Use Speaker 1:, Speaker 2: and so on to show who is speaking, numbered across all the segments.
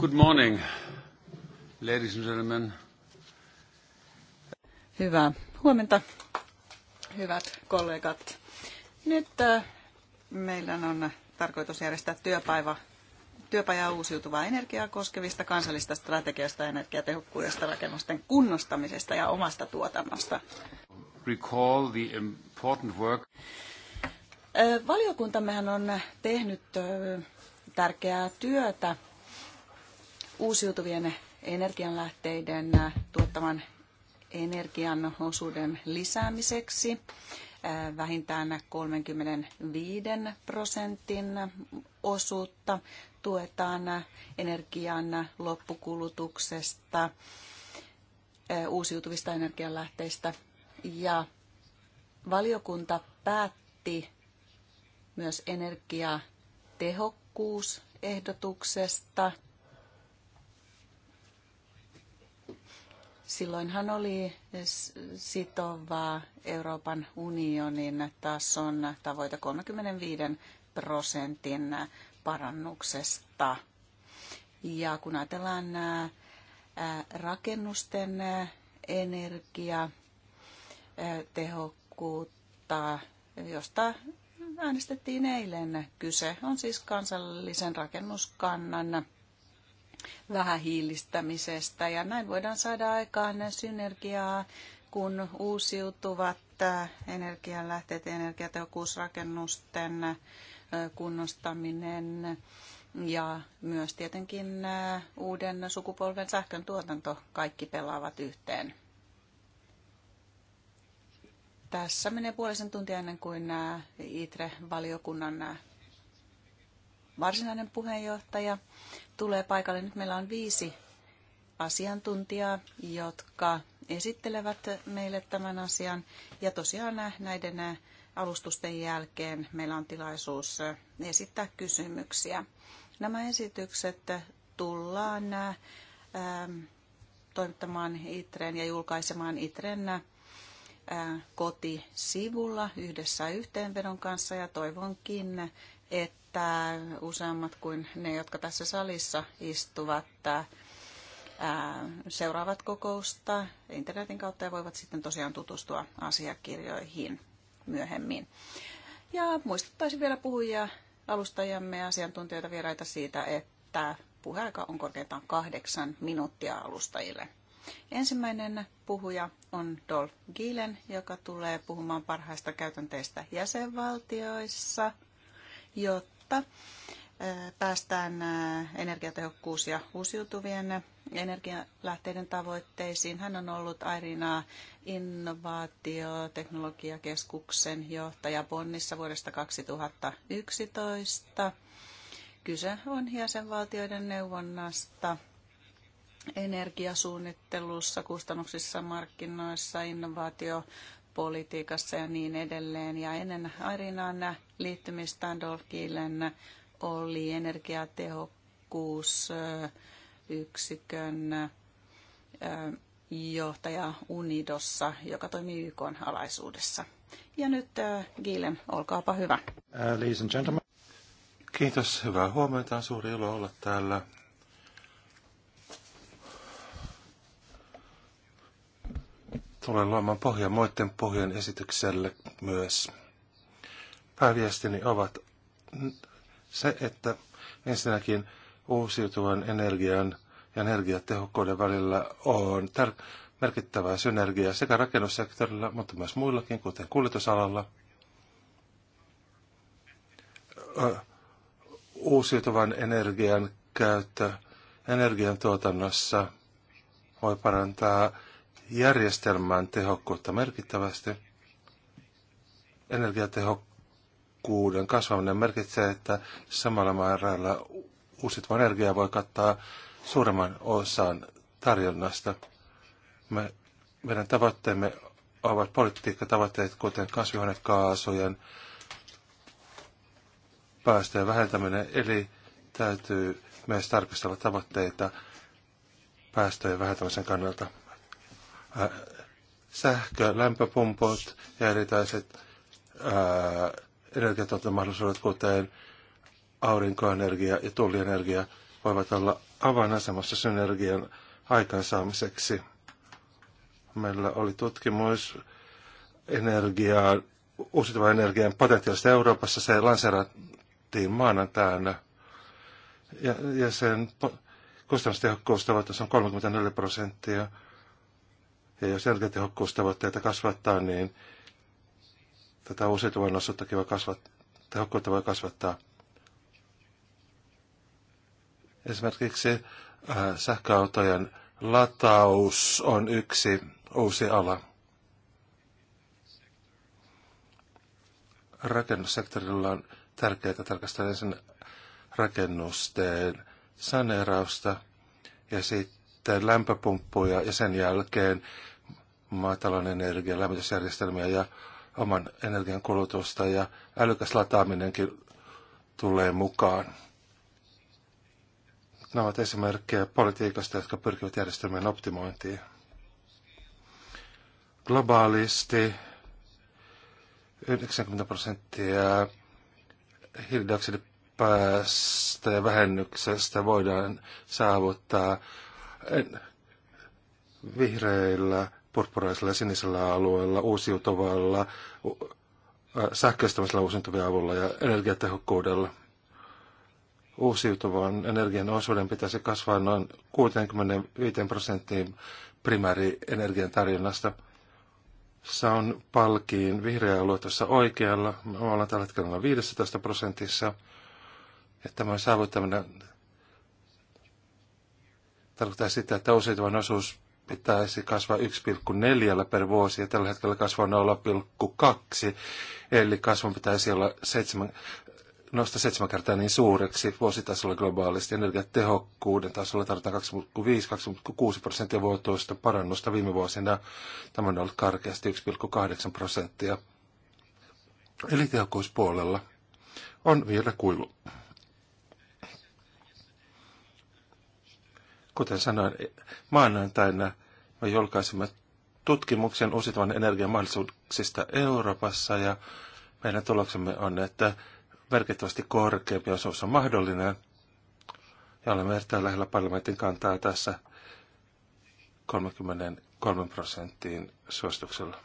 Speaker 1: Good morning, ladies and gentlemen.
Speaker 2: Hyvää huomenta, hyvät kollegat. Nyt äh, meillä on tarkoitus järjestää työpäivä, työpäivä uusiutuvaa energiaa koskevista kansallista strategiasta energiatehokkuudesta, rakennusten kunnostamisesta ja omasta tuotannosta. Recall the important work. Äh, valiokuntammehan on tehnyt äh, tärkeää työtä uusiutuvien energianlähteiden tuottaman energian osuuden lisäämiseksi vähintään 35 prosentin osuutta tuetaan energian loppukulutuksesta, uusiutuvista energianlähteistä ja valiokunta päätti myös energiatehokkuusehdotuksesta – Silloinhan oli sitovaa Euroopan unionin tason tavoite 35 prosentin parannuksesta. Ja kun ajatellaan rakennusten energiatehokkuutta, josta äänestettiin eilen kyse, on siis kansallisen rakennuskannan vähähiilistämisestä. Ja näin voidaan saada aikaan synergiaa, kun uusiutuvat äh, energianlähteet, energiatehokkuusrakennusten äh, kunnostaminen ja myös tietenkin äh, uuden sukupolven sähkön tuotanto kaikki pelaavat yhteen. Tässä menee puolisen tuntia ennen kuin ITRE-valiokunnan varsinainen puheenjohtaja tulee paikalle. Nyt meillä on viisi asiantuntijaa, jotka esittelevät meille tämän asian. Ja tosiaan näiden alustusten jälkeen meillä on tilaisuus esittää kysymyksiä. Nämä esitykset tullaan ähm, toimittamaan ITREn ja julkaisemaan ITREn äh, kotisivulla yhdessä yhteenvedon kanssa ja toivonkin, että että useammat kuin ne, jotka tässä salissa istuvat, seuraavat kokousta internetin kautta ja voivat sitten tosiaan tutustua asiakirjoihin myöhemmin. Ja muistuttaisin vielä puhujia, alustajamme ja asiantuntijoita vieraita siitä, että puheaika on korkeintaan kahdeksan minuuttia alustajille. Ensimmäinen puhuja on Dol Gilen, joka tulee puhumaan parhaista käytänteistä jäsenvaltioissa, jotta kautta päästään energiatehokkuus- ja uusiutuvien energialähteiden tavoitteisiin. Hän on ollut Airina innovaatioteknologiakeskuksen johtaja Bonnissa vuodesta 2011. Kyse on jäsenvaltioiden neuvonnasta energiasuunnittelussa, kustannuksissa, markkinoissa, innovaatio politiikassa ja niin edelleen. Ja ennen Arinan liittymistään Dolkilen oli energiatehokkuusyksikön johtaja Unidossa, joka toimii YK alaisuudessa. Ja nyt Giilen, olkaapa hyvä.
Speaker 1: Ladies and gentlemen. Kiitos, hyvää huomenta. suuri ilo olla täällä tulee luomaan pohja muiden pohjan esitykselle myös. Pääviestini ovat se, että ensinnäkin uusiutuvan energian ja energiatehokkuuden välillä on tär- merkittävää synergiaa sekä rakennussektorilla, mutta myös muillakin, kuten kuljetusalalla. Uusiutuvan energian käyttö energiantuotannossa voi parantaa järjestelmän tehokkuutta merkittävästi. Energiatehokkuuden kasvaminen merkitsee, että samalla määrällä uusiutuva energia voi kattaa suuremman osan tarjonnasta. Me, meidän tavoitteemme ovat politiikkatavoitteet, kuten kasvihuonekaasujen päästöjen vähentäminen, eli täytyy myös tarkastella tavoitteita päästöjen vähentämisen kannalta sähkö, lämpöpumput ja erityiset energiatuotantomahdollisuudet, kuten aurinkoenergia ja tuulienergia, voivat olla avainasemassa synergian aikaansaamiseksi. Meillä oli tutkimus energiaa, uusiutuvan energian potentiaalista Euroopassa. Se lanseerattiin maanantaina. Ja, ja sen kustannustehokkuustavoite on 34 prosenttia ja jos energiatehokkuustavoitteita kasvattaa, niin tätä uusiutuvan osuuttakin voi kasvattaa, tehokkuutta voi kasvattaa. Esimerkiksi äh, sähköautojen lataus on yksi uusi ala. Rakennussektorilla on tärkeää tarkastella ensin rakennusten saneerausta ja sitten lämpöpumppuja ja sen jälkeen maatalouden energian lämmitysjärjestelmiä ja oman energian kulutusta ja älykäs lataaminenkin tulee mukaan. Nämä ovat esimerkkejä politiikasta, jotka pyrkivät järjestelmien optimointiin. Globaalisti 90 prosenttia ja vähennyksestä voidaan saavuttaa vihreillä purppuraisella ja sinisellä alueella, uusiutuvalla, sähköistämisellä uusiutuvien avulla ja energiatehokkuudella. Uusiutuvan energian osuuden pitäisi kasvaa noin 65 prosenttiin primäärienergian tarjonnasta. Se on palkiin vihreä alue tuossa oikealla. Me ollaan tällä hetkellä noin 15 prosentissa. Ja tämän saavuttaminen tarkoittaa sitä, että uusiutuvan osuus pitäisi kasvaa 1,4 per vuosi ja tällä hetkellä kasvaa 0,2. Eli kasvun pitäisi olla seitsemän, nosta seitsemän kertaa niin suureksi vuositasolla globaalisti. Energiatehokkuuden tasolla tarvitaan 2,5-2,6 prosenttia vuotuista parannusta viime vuosina. Tämä on ollut karkeasti 1,8 prosenttia. Eli tehokkuuspuolella on vielä kuilu. Kuten sanoin, maanantaina me julkaisimme tutkimuksen uusiutuvan energian mahdollisuuksista Euroopassa ja meidän tuloksemme on, että merkittävästi korkeampi osuus on mahdollinen. Ja olemme erittäin lähellä parlamentin kantaa tässä 33 prosenttiin suosituksella.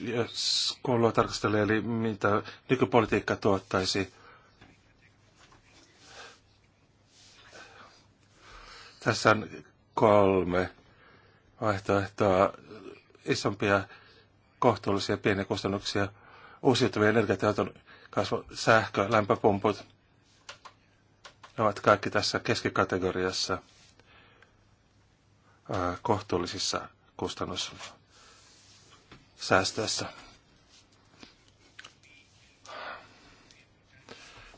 Speaker 1: Jos kuulua tarkastelee, eli mitä nykypolitiikka tuottaisi Tässä on kolme vaihtoehtoa, isompia kohtuullisia pieniä kustannuksia, uusiutuvia energiatehoton kasvu, sähkö, lämpöpumput, ne ovat kaikki tässä keskikategoriassa ää, kohtuullisissa kustannussäästöissä.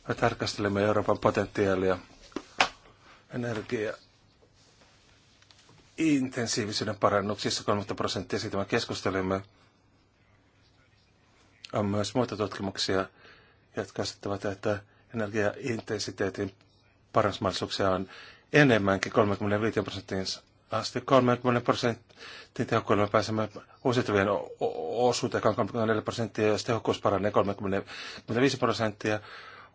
Speaker 1: Me tarkastelemme Euroopan potentiaalia energia- intensiivisyyden parannuksissa 30 prosenttia, siitä me keskustelimme. On myös muita tutkimuksia, jotka asettavat, että energiaintensiteetin parannusmahdollisuuksia on enemmänkin 35 prosenttiin asti. 30 prosenttiin tehokkuudella pääsemme uusiutuvien osuuteen, 34 prosenttia, jos tehokkuus paranee 35 prosenttia,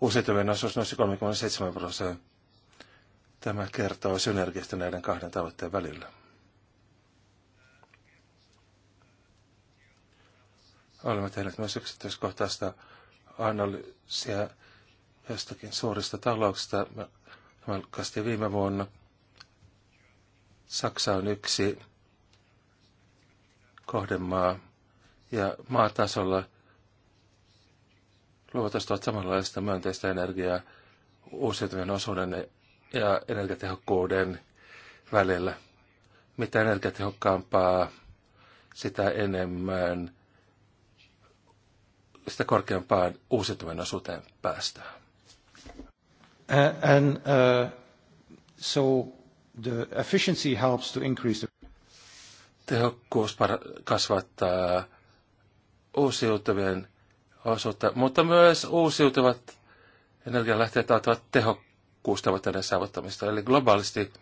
Speaker 1: uusiutuvien osuus nousi 37 prosenttia Tämä kertoo synergiasta näiden kahden tavoitteen välillä. Olemme tehneet myös yksityiskohtaista analyysiä jostakin suurista talouksista. Tämä kastin viime vuonna. Saksa on yksi kohdemaa ja maatasolla luovat ostavat samanlaista myönteistä energiaa uusiutuvien osuuden ja energiatehokkuuden välillä. Mitä energiatehokkaampaa, sitä enemmän, sitä korkeampaan uusiutuvan osuuteen päästään. Uh, and uh, so the efficiency helps to increase the... Tehokkuus kasvattaa uusiutuvien osuutta, mutta myös uusiutuvat energialähteet ovat tehokkuutta kuustavoitteiden saavuttamista. Eli globaalisti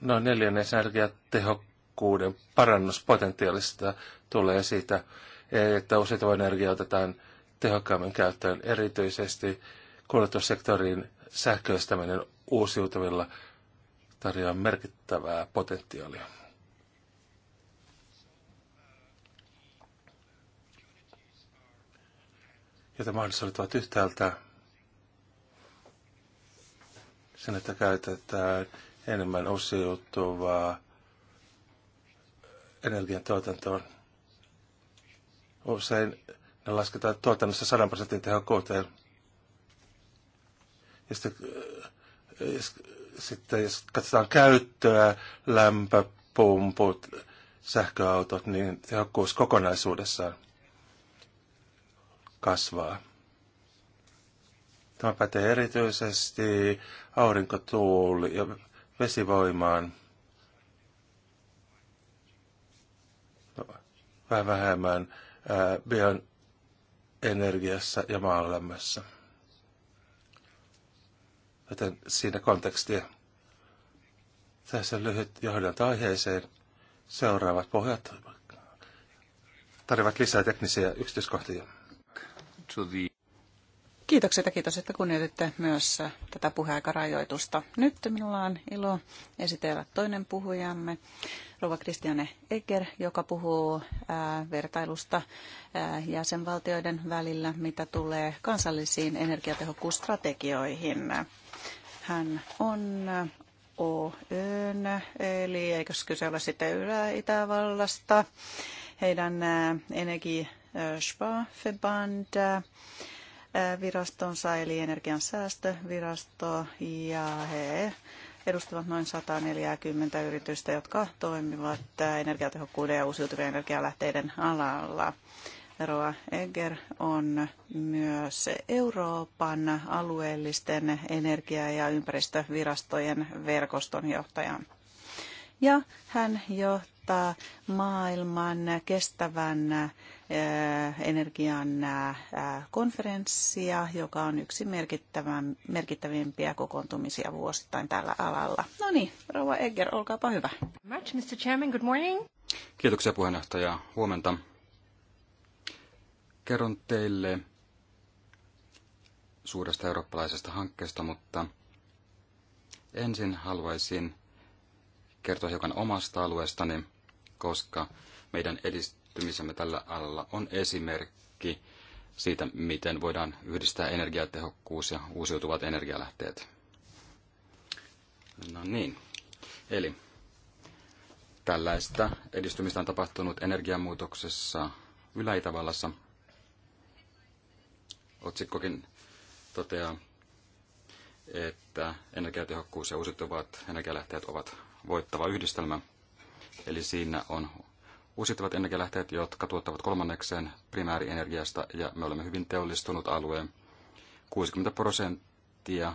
Speaker 1: noin neljännes energiatehokkuuden parannuspotentiaalista tulee siitä, että uusiutuva energia otetaan tehokkaammin käyttöön, erityisesti kuljetussektorin sähköistäminen uusiutuvilla tarjoaa merkittävää potentiaalia. jota mahdollisuudet ovat yhtäältä sen, että käytetään enemmän uusiutuvaa energiantuotantoon. Usein ne lasketaan tuotannossa 100 prosentin tehokkuuteen. Ja sitten, äh, äh, sitten jos katsotaan käyttöä, lämpöpumput, sähköautot, niin tehokkuus kokonaisuudessaan – kasvaa. Tämä pätee erityisesti aurinkotuuli ja vesivoimaan. No, vähän vähemmän bioenergiassa ja maanlämmössä. Joten siinä kontekstia. Tässä lyhyt johdanto aiheeseen. Seuraavat pohjat tarjoavat lisää teknisiä yksityiskohtia to the...
Speaker 2: Kiitokset ja kiitos, että kunnioititte myös tätä puheaikarajoitusta. Nyt minulla on ilo esitellä toinen puhujamme, Rova Kristiane Eger, joka puhuu vertailusta jäsenvaltioiden välillä, mitä tulee kansallisiin energiatehokkuusstrategioihin. Hän on OYn, eli eikös kyse ole sitten Ylä-Itävallasta, heidän energi- Spa-Feband äh, virastonsa eli energian ja he edustavat noin 140 yritystä, jotka toimivat äh, energiatehokkuuden ja uusiutuvien energialähteiden alalla. Roa Eger on myös Euroopan alueellisten energia- ja ympäristövirastojen verkoston johtaja. Ja hän johtaa maailman kestävän Eh, energian eh, eh, konferenssia, joka on yksi merkittävimpiä kokoontumisia vuosittain tällä alalla. No niin, rouva Egger, olkaapa hyvä. Much, Mr. Chairman, good morning.
Speaker 3: Kiitoksia puheenjohtaja. Huomenta. Kerron teille suuresta eurooppalaisesta hankkeesta, mutta ensin haluaisin kertoa hiukan omasta alueestani, koska meidän edist- edistymisemme tällä alalla on esimerkki siitä, miten voidaan yhdistää energiatehokkuus ja uusiutuvat energialähteet. No niin. Eli tällaista edistymistä on tapahtunut energiamuutoksessa Yläitävallassa. Otsikkokin toteaa, että energiatehokkuus ja uusiutuvat energialähteet ovat voittava yhdistelmä. Eli siinä on uusittavat energialähteet, jotka tuottavat kolmannekseen primäärienergiasta, ja me olemme hyvin teollistunut alue. 60 prosenttia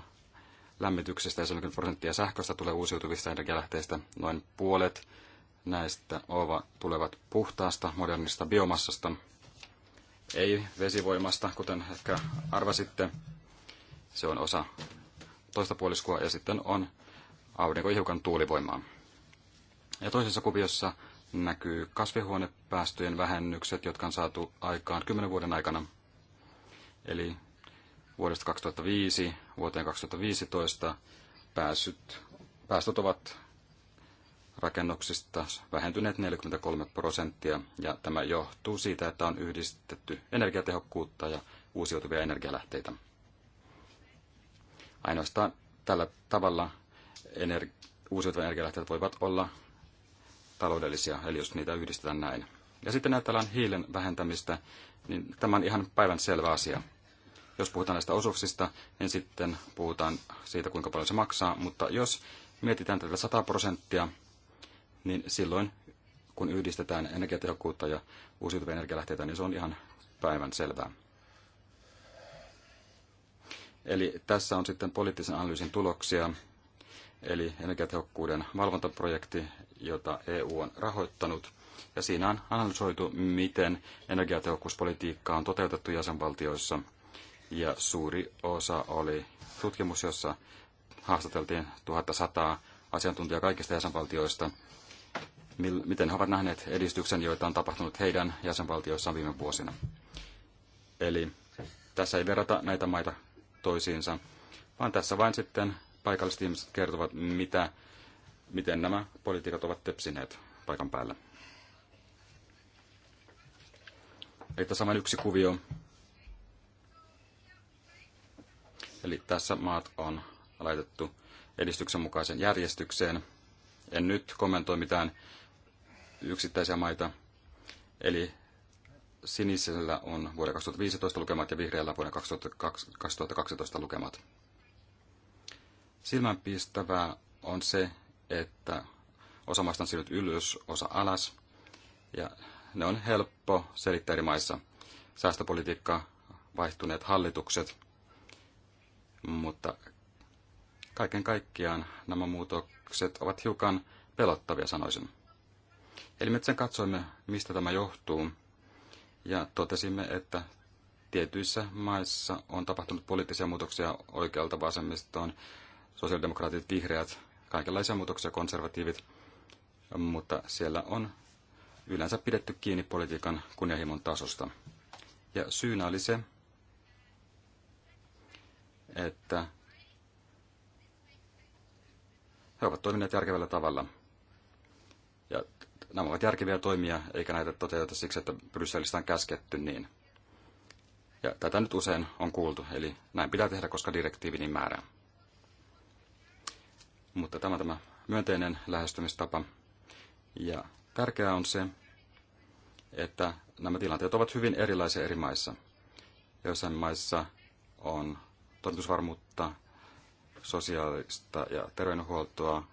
Speaker 3: lämmityksestä ja 70 prosenttia sähköstä tulee uusiutuvista energialähteistä. Noin puolet näistä ova, tulevat puhtaasta modernista biomassasta, ei vesivoimasta, kuten ehkä arvasitte. Se on osa toista puoliskua ja sitten on aurinko tuulivoimaa. Ja toisessa kuviossa näkyy kasvihuonepäästöjen vähennykset, jotka on saatu aikaan kymmenen vuoden aikana. Eli vuodesta 2005 vuoteen 2015 pääsyt, päästöt ovat rakennuksista vähentyneet 43 prosenttia, ja tämä johtuu siitä, että on yhdistetty energiatehokkuutta ja uusiutuvia energialähteitä. Ainoastaan tällä tavalla energi- uusiutuvat energialähteet voivat olla taloudellisia, eli jos niitä yhdistetään näin. Ja sitten ajatellaan hiilen vähentämistä, niin tämä on ihan päivän selvä asia. Jos puhutaan näistä osuuksista, niin sitten puhutaan siitä, kuinka paljon se maksaa, mutta jos mietitään tätä 100 prosenttia, niin silloin kun yhdistetään energiatehokkuutta ja uusiutuvia energialähteitä, niin se on ihan päivän selvää. Eli tässä on sitten poliittisen analyysin tuloksia, eli energiatehokkuuden valvontaprojekti, jota EU on rahoittanut. Ja siinä on analysoitu, miten energiatehokkuuspolitiikkaa on toteutettu jäsenvaltioissa. Ja suuri osa oli tutkimus, jossa haastateltiin 1100 asiantuntijaa kaikista jäsenvaltioista. Miten he ovat nähneet edistyksen, joita on tapahtunut heidän jäsenvaltioissaan viime vuosina. Eli tässä ei verrata näitä maita toisiinsa, vaan tässä vain sitten paikalliset ihmiset kertovat, mitä, miten nämä politiikat ovat tepsineet paikan päällä. Eli tässä on yksi kuvio. Eli tässä maat on laitettu edistyksen mukaisen järjestykseen. En nyt kommentoi mitään yksittäisiä maita. Eli sinisellä on vuoden 2015 lukemat ja vihreällä vuoden 2012 lukemat. Silmänpistävää on se, että osa maista on siirryt ylös, osa alas. Ja ne on helppo selittää eri maissa. Säästöpolitiikka, vaihtuneet hallitukset. Mutta kaiken kaikkiaan nämä muutokset ovat hiukan pelottavia, sanoisin. Eli me sen katsoimme, mistä tämä johtuu, ja totesimme, että tietyissä maissa on tapahtunut poliittisia muutoksia oikealta vasemmistoon sosiaalidemokraatit, vihreät, kaikenlaisia muutoksia, konservatiivit, mutta siellä on yleensä pidetty kiinni politiikan kunnianhimon tasosta. Ja syynä oli se, että he ovat toimineet järkevällä tavalla. Ja nämä ovat järkeviä toimia, eikä näitä toteuteta siksi, että Brysselistä on käsketty niin. Ja tätä nyt usein on kuultu, eli näin pitää tehdä, koska direktiivi niin määrää. Mutta tämä tämä myönteinen lähestymistapa. Ja tärkeää on se, että nämä tilanteet ovat hyvin erilaisia eri maissa. Joissain maissa on toimitusvarmuutta, sosiaalista ja terveydenhuoltoa,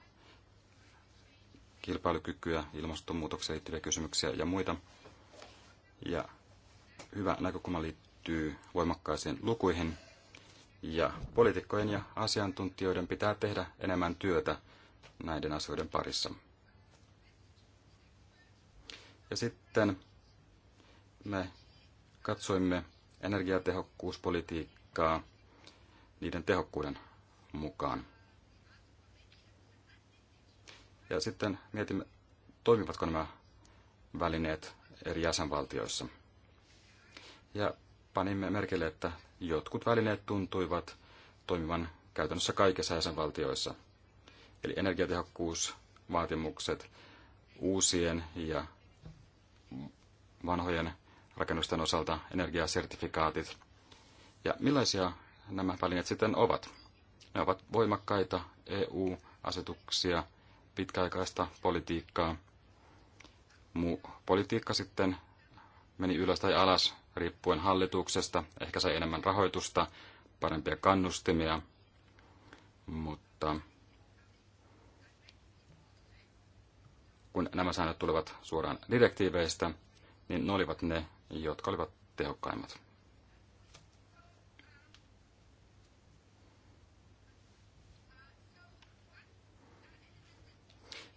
Speaker 3: kilpailukykyä, ilmastonmuutokseen liittyviä kysymyksiä ja muita. Ja hyvä näkökulma liittyy voimakkaisiin lukuihin. Ja poliitikkojen ja asiantuntijoiden pitää tehdä enemmän työtä näiden asioiden parissa. Ja sitten me katsoimme energiatehokkuuspolitiikkaa niiden tehokkuuden mukaan. Ja sitten mietimme, toimivatko nämä välineet eri jäsenvaltioissa. Ja panimme merkille, että jotkut välineet tuntuivat toimivan käytännössä kaikissa jäsenvaltioissa. Eli energiatehokkuusvaatimukset uusien ja vanhojen rakennusten osalta, energiasertifikaatit. Ja millaisia nämä välineet sitten ovat? Ne ovat voimakkaita EU-asetuksia, pitkäaikaista politiikkaa. Mu- politiikka sitten meni ylös tai alas riippuen hallituksesta. Ehkä sai enemmän rahoitusta, parempia kannustimia, mutta kun nämä säännöt tulevat suoraan direktiiveistä, niin ne olivat ne, jotka olivat tehokkaimmat.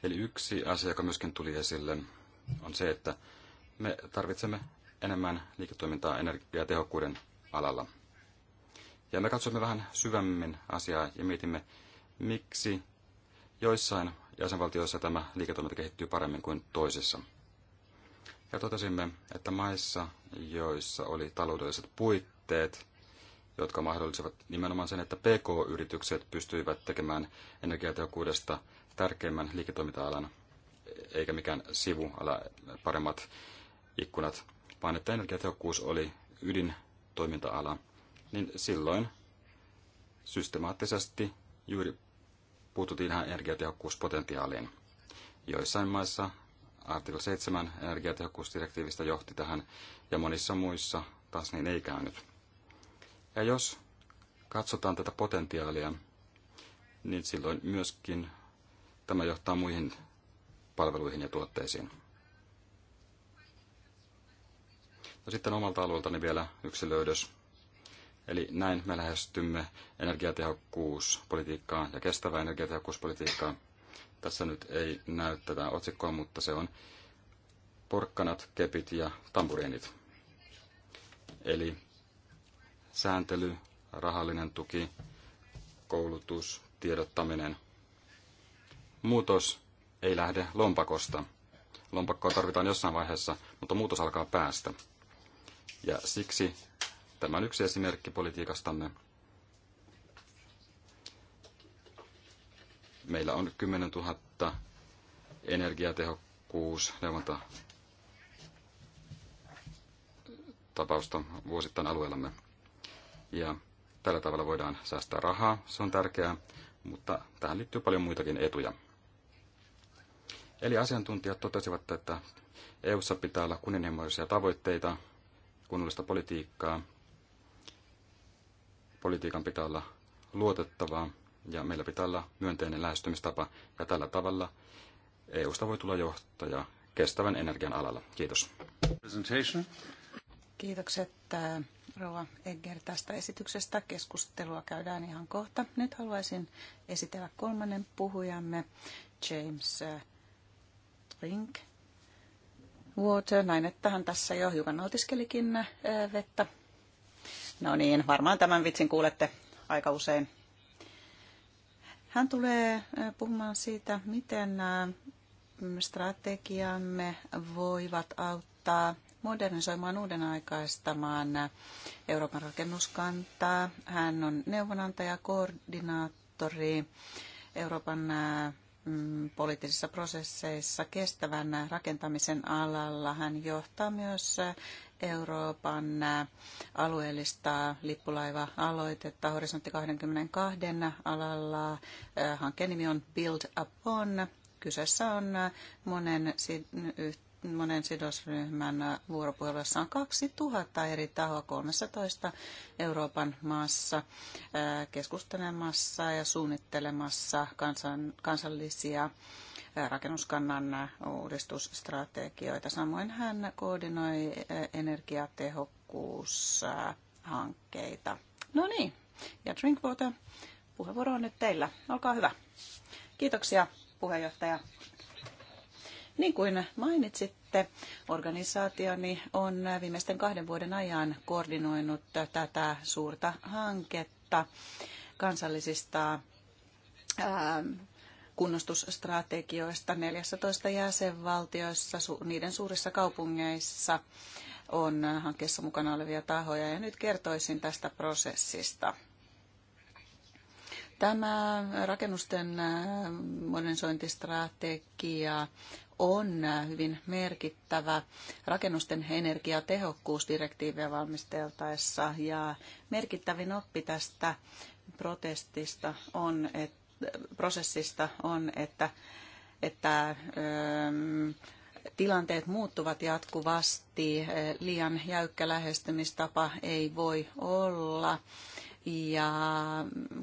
Speaker 3: Eli yksi asia, joka myöskin tuli esille, on se, että me tarvitsemme enemmän liiketoimintaa energiatehokkuuden alalla. Ja me katsomme vähän syvemmin asiaa ja mietimme, miksi joissain jäsenvaltioissa tämä liiketoiminta kehittyy paremmin kuin toisissa. Ja totesimme, että maissa, joissa oli taloudelliset puitteet, jotka mahdollisivat nimenomaan sen, että PK-yritykset pystyivät tekemään energiatehokkuudesta tärkeimmän liiketoiminta-alan, eikä mikään sivuala, paremmat ikkunat, vaan että energiatehokkuus oli ydintoiminta-ala, niin silloin systemaattisesti juuri puututtiin tähän energiatehokkuuspotentiaaliin. Joissain maissa artikla 7 energiatehokkuusdirektiivistä johti tähän, ja monissa muissa taas niin ei käynyt. Ja jos katsotaan tätä potentiaalia, niin silloin myöskin tämä johtaa muihin palveluihin ja tuotteisiin. No sitten omalta alueeltani vielä yksi löydös. Eli näin me lähestymme energiatehokkuuspolitiikkaa ja kestävää energiatehokkuuspolitiikkaa. Tässä nyt ei näy tätä otsikkoa, mutta se on porkkanat, kepit ja tambureenit. Eli sääntely, rahallinen tuki, koulutus, tiedottaminen. Muutos ei lähde lompakosta. Lompakkoa tarvitaan jossain vaiheessa, mutta muutos alkaa päästä. Ja siksi tämä on yksi esimerkki politiikastamme. Meillä on 10 000 energiatehokkuus neuvonta tapausta vuosittain alueellamme. Ja tällä tavalla voidaan säästää rahaa, se on tärkeää, mutta tähän liittyy paljon muitakin etuja. Eli asiantuntijat totesivat, että EU-ssa pitää olla kunnianhimoisia tavoitteita kunnollista politiikkaa. Politiikan pitää olla luotettavaa ja meillä pitää olla myönteinen lähestymistapa ja tällä tavalla EUsta voi tulla johtaja kestävän energian alalla. Kiitos.
Speaker 2: Kiitokset äh, Rova Egger tästä esityksestä. Keskustelua käydään ihan kohta. Nyt haluaisin esitellä kolmannen puhujamme James Trink. Äh, Water. Näin, että hän tässä jo hiukan nautiskelikin äh, vettä. No niin, varmaan tämän vitsin kuulette aika usein. Hän tulee äh, puhumaan siitä, miten äh, strategiamme voivat auttaa modernisoimaan uuden aikaistamaan Euroopan rakennuskantaa. Hän on neuvonantaja, koordinaattori Euroopan Mm, poliittisissa prosesseissa kestävän rakentamisen alalla. Hän johtaa myös Euroopan alueellista lippulaiva-aloitetta Horisontti 22 alalla. Hankkeen nimi on Build Upon. Kyseessä on monen monen sidosryhmän vuoropuhelussa on 2000 eri tahoa 13 Euroopan maassa keskustelemassa ja suunnittelemassa kansan, kansallisia rakennuskannan uudistusstrategioita. Samoin hän koordinoi energiatehokkuushankkeita. No niin, ja Drinkwater, puheenvuoro on nyt teillä. Olkaa hyvä. Kiitoksia puheenjohtaja niin kuin mainitsitte, organisaationi on viimeisten kahden vuoden ajan koordinoinut tätä suurta hanketta kansallisista ähm, kunnostusstrategioista 14 jäsenvaltioissa, niiden suurissa kaupungeissa on hankkeessa mukana olevia tahoja ja nyt kertoisin tästä prosessista. Tämä rakennusten äh, modernisointistrategia on hyvin merkittävä rakennusten energiatehokkuusdirektiiviä valmisteltaessa. Ja merkittävin oppi tästä protestista on, et, prosessista on, että, että öö, tilanteet muuttuvat jatkuvasti. Liian jäykkä lähestymistapa ei voi olla ja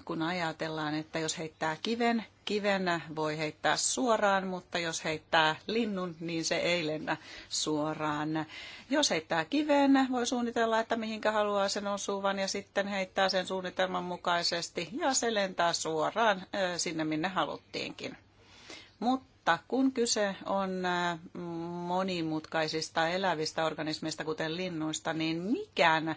Speaker 2: kun ajatellaan, että jos heittää kiven, kiven voi heittää suoraan, mutta jos heittää linnun, niin se ei lennä suoraan. Jos heittää kiven, voi suunnitella, että mihinkä haluaa sen osuvan ja sitten heittää sen suunnitelman mukaisesti ja se lentää suoraan sinne, minne haluttiinkin. Mutta mutta kun kyse on äh, monimutkaisista elävistä organismeista, kuten linnuista, niin mikään äh,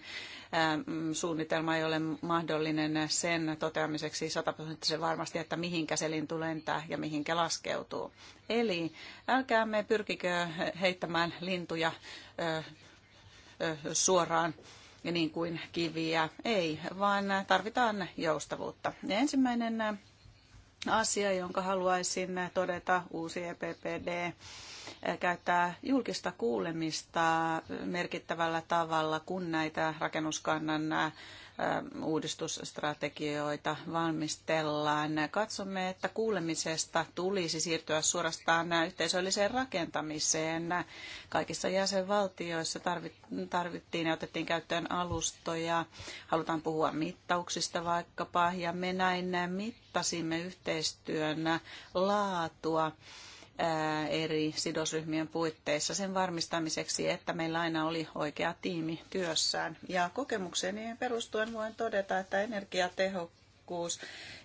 Speaker 2: suunnitelma ei ole mahdollinen sen toteamiseksi sataprosenttisen varmasti, että mihinkä se lintu lentää ja mihinkä laskeutuu. Eli älkäämme pyrkikö heittämään lintuja suoraan ja niin kuin kiviä. Ei, vaan tarvitaan joustavuutta. Ja ensimmäinen asia, jonka haluaisin todeta uusi EPPD käyttää julkista kuulemista merkittävällä tavalla, kun näitä rakennuskannan uudistusstrategioita valmistellaan. Katsomme, että kuulemisesta tulisi siirtyä suorastaan yhteisölliseen rakentamiseen. Kaikissa jäsenvaltioissa tarvittiin ja otettiin käyttöön alustoja. Halutaan puhua mittauksista vaikkapa, ja me näin mittasimme yhteistyön laatua eri sidosryhmien puitteissa sen varmistamiseksi, että meillä aina oli oikea tiimi työssään. Ja kokemukseni perustuen voin todeta, että energiatehokkuus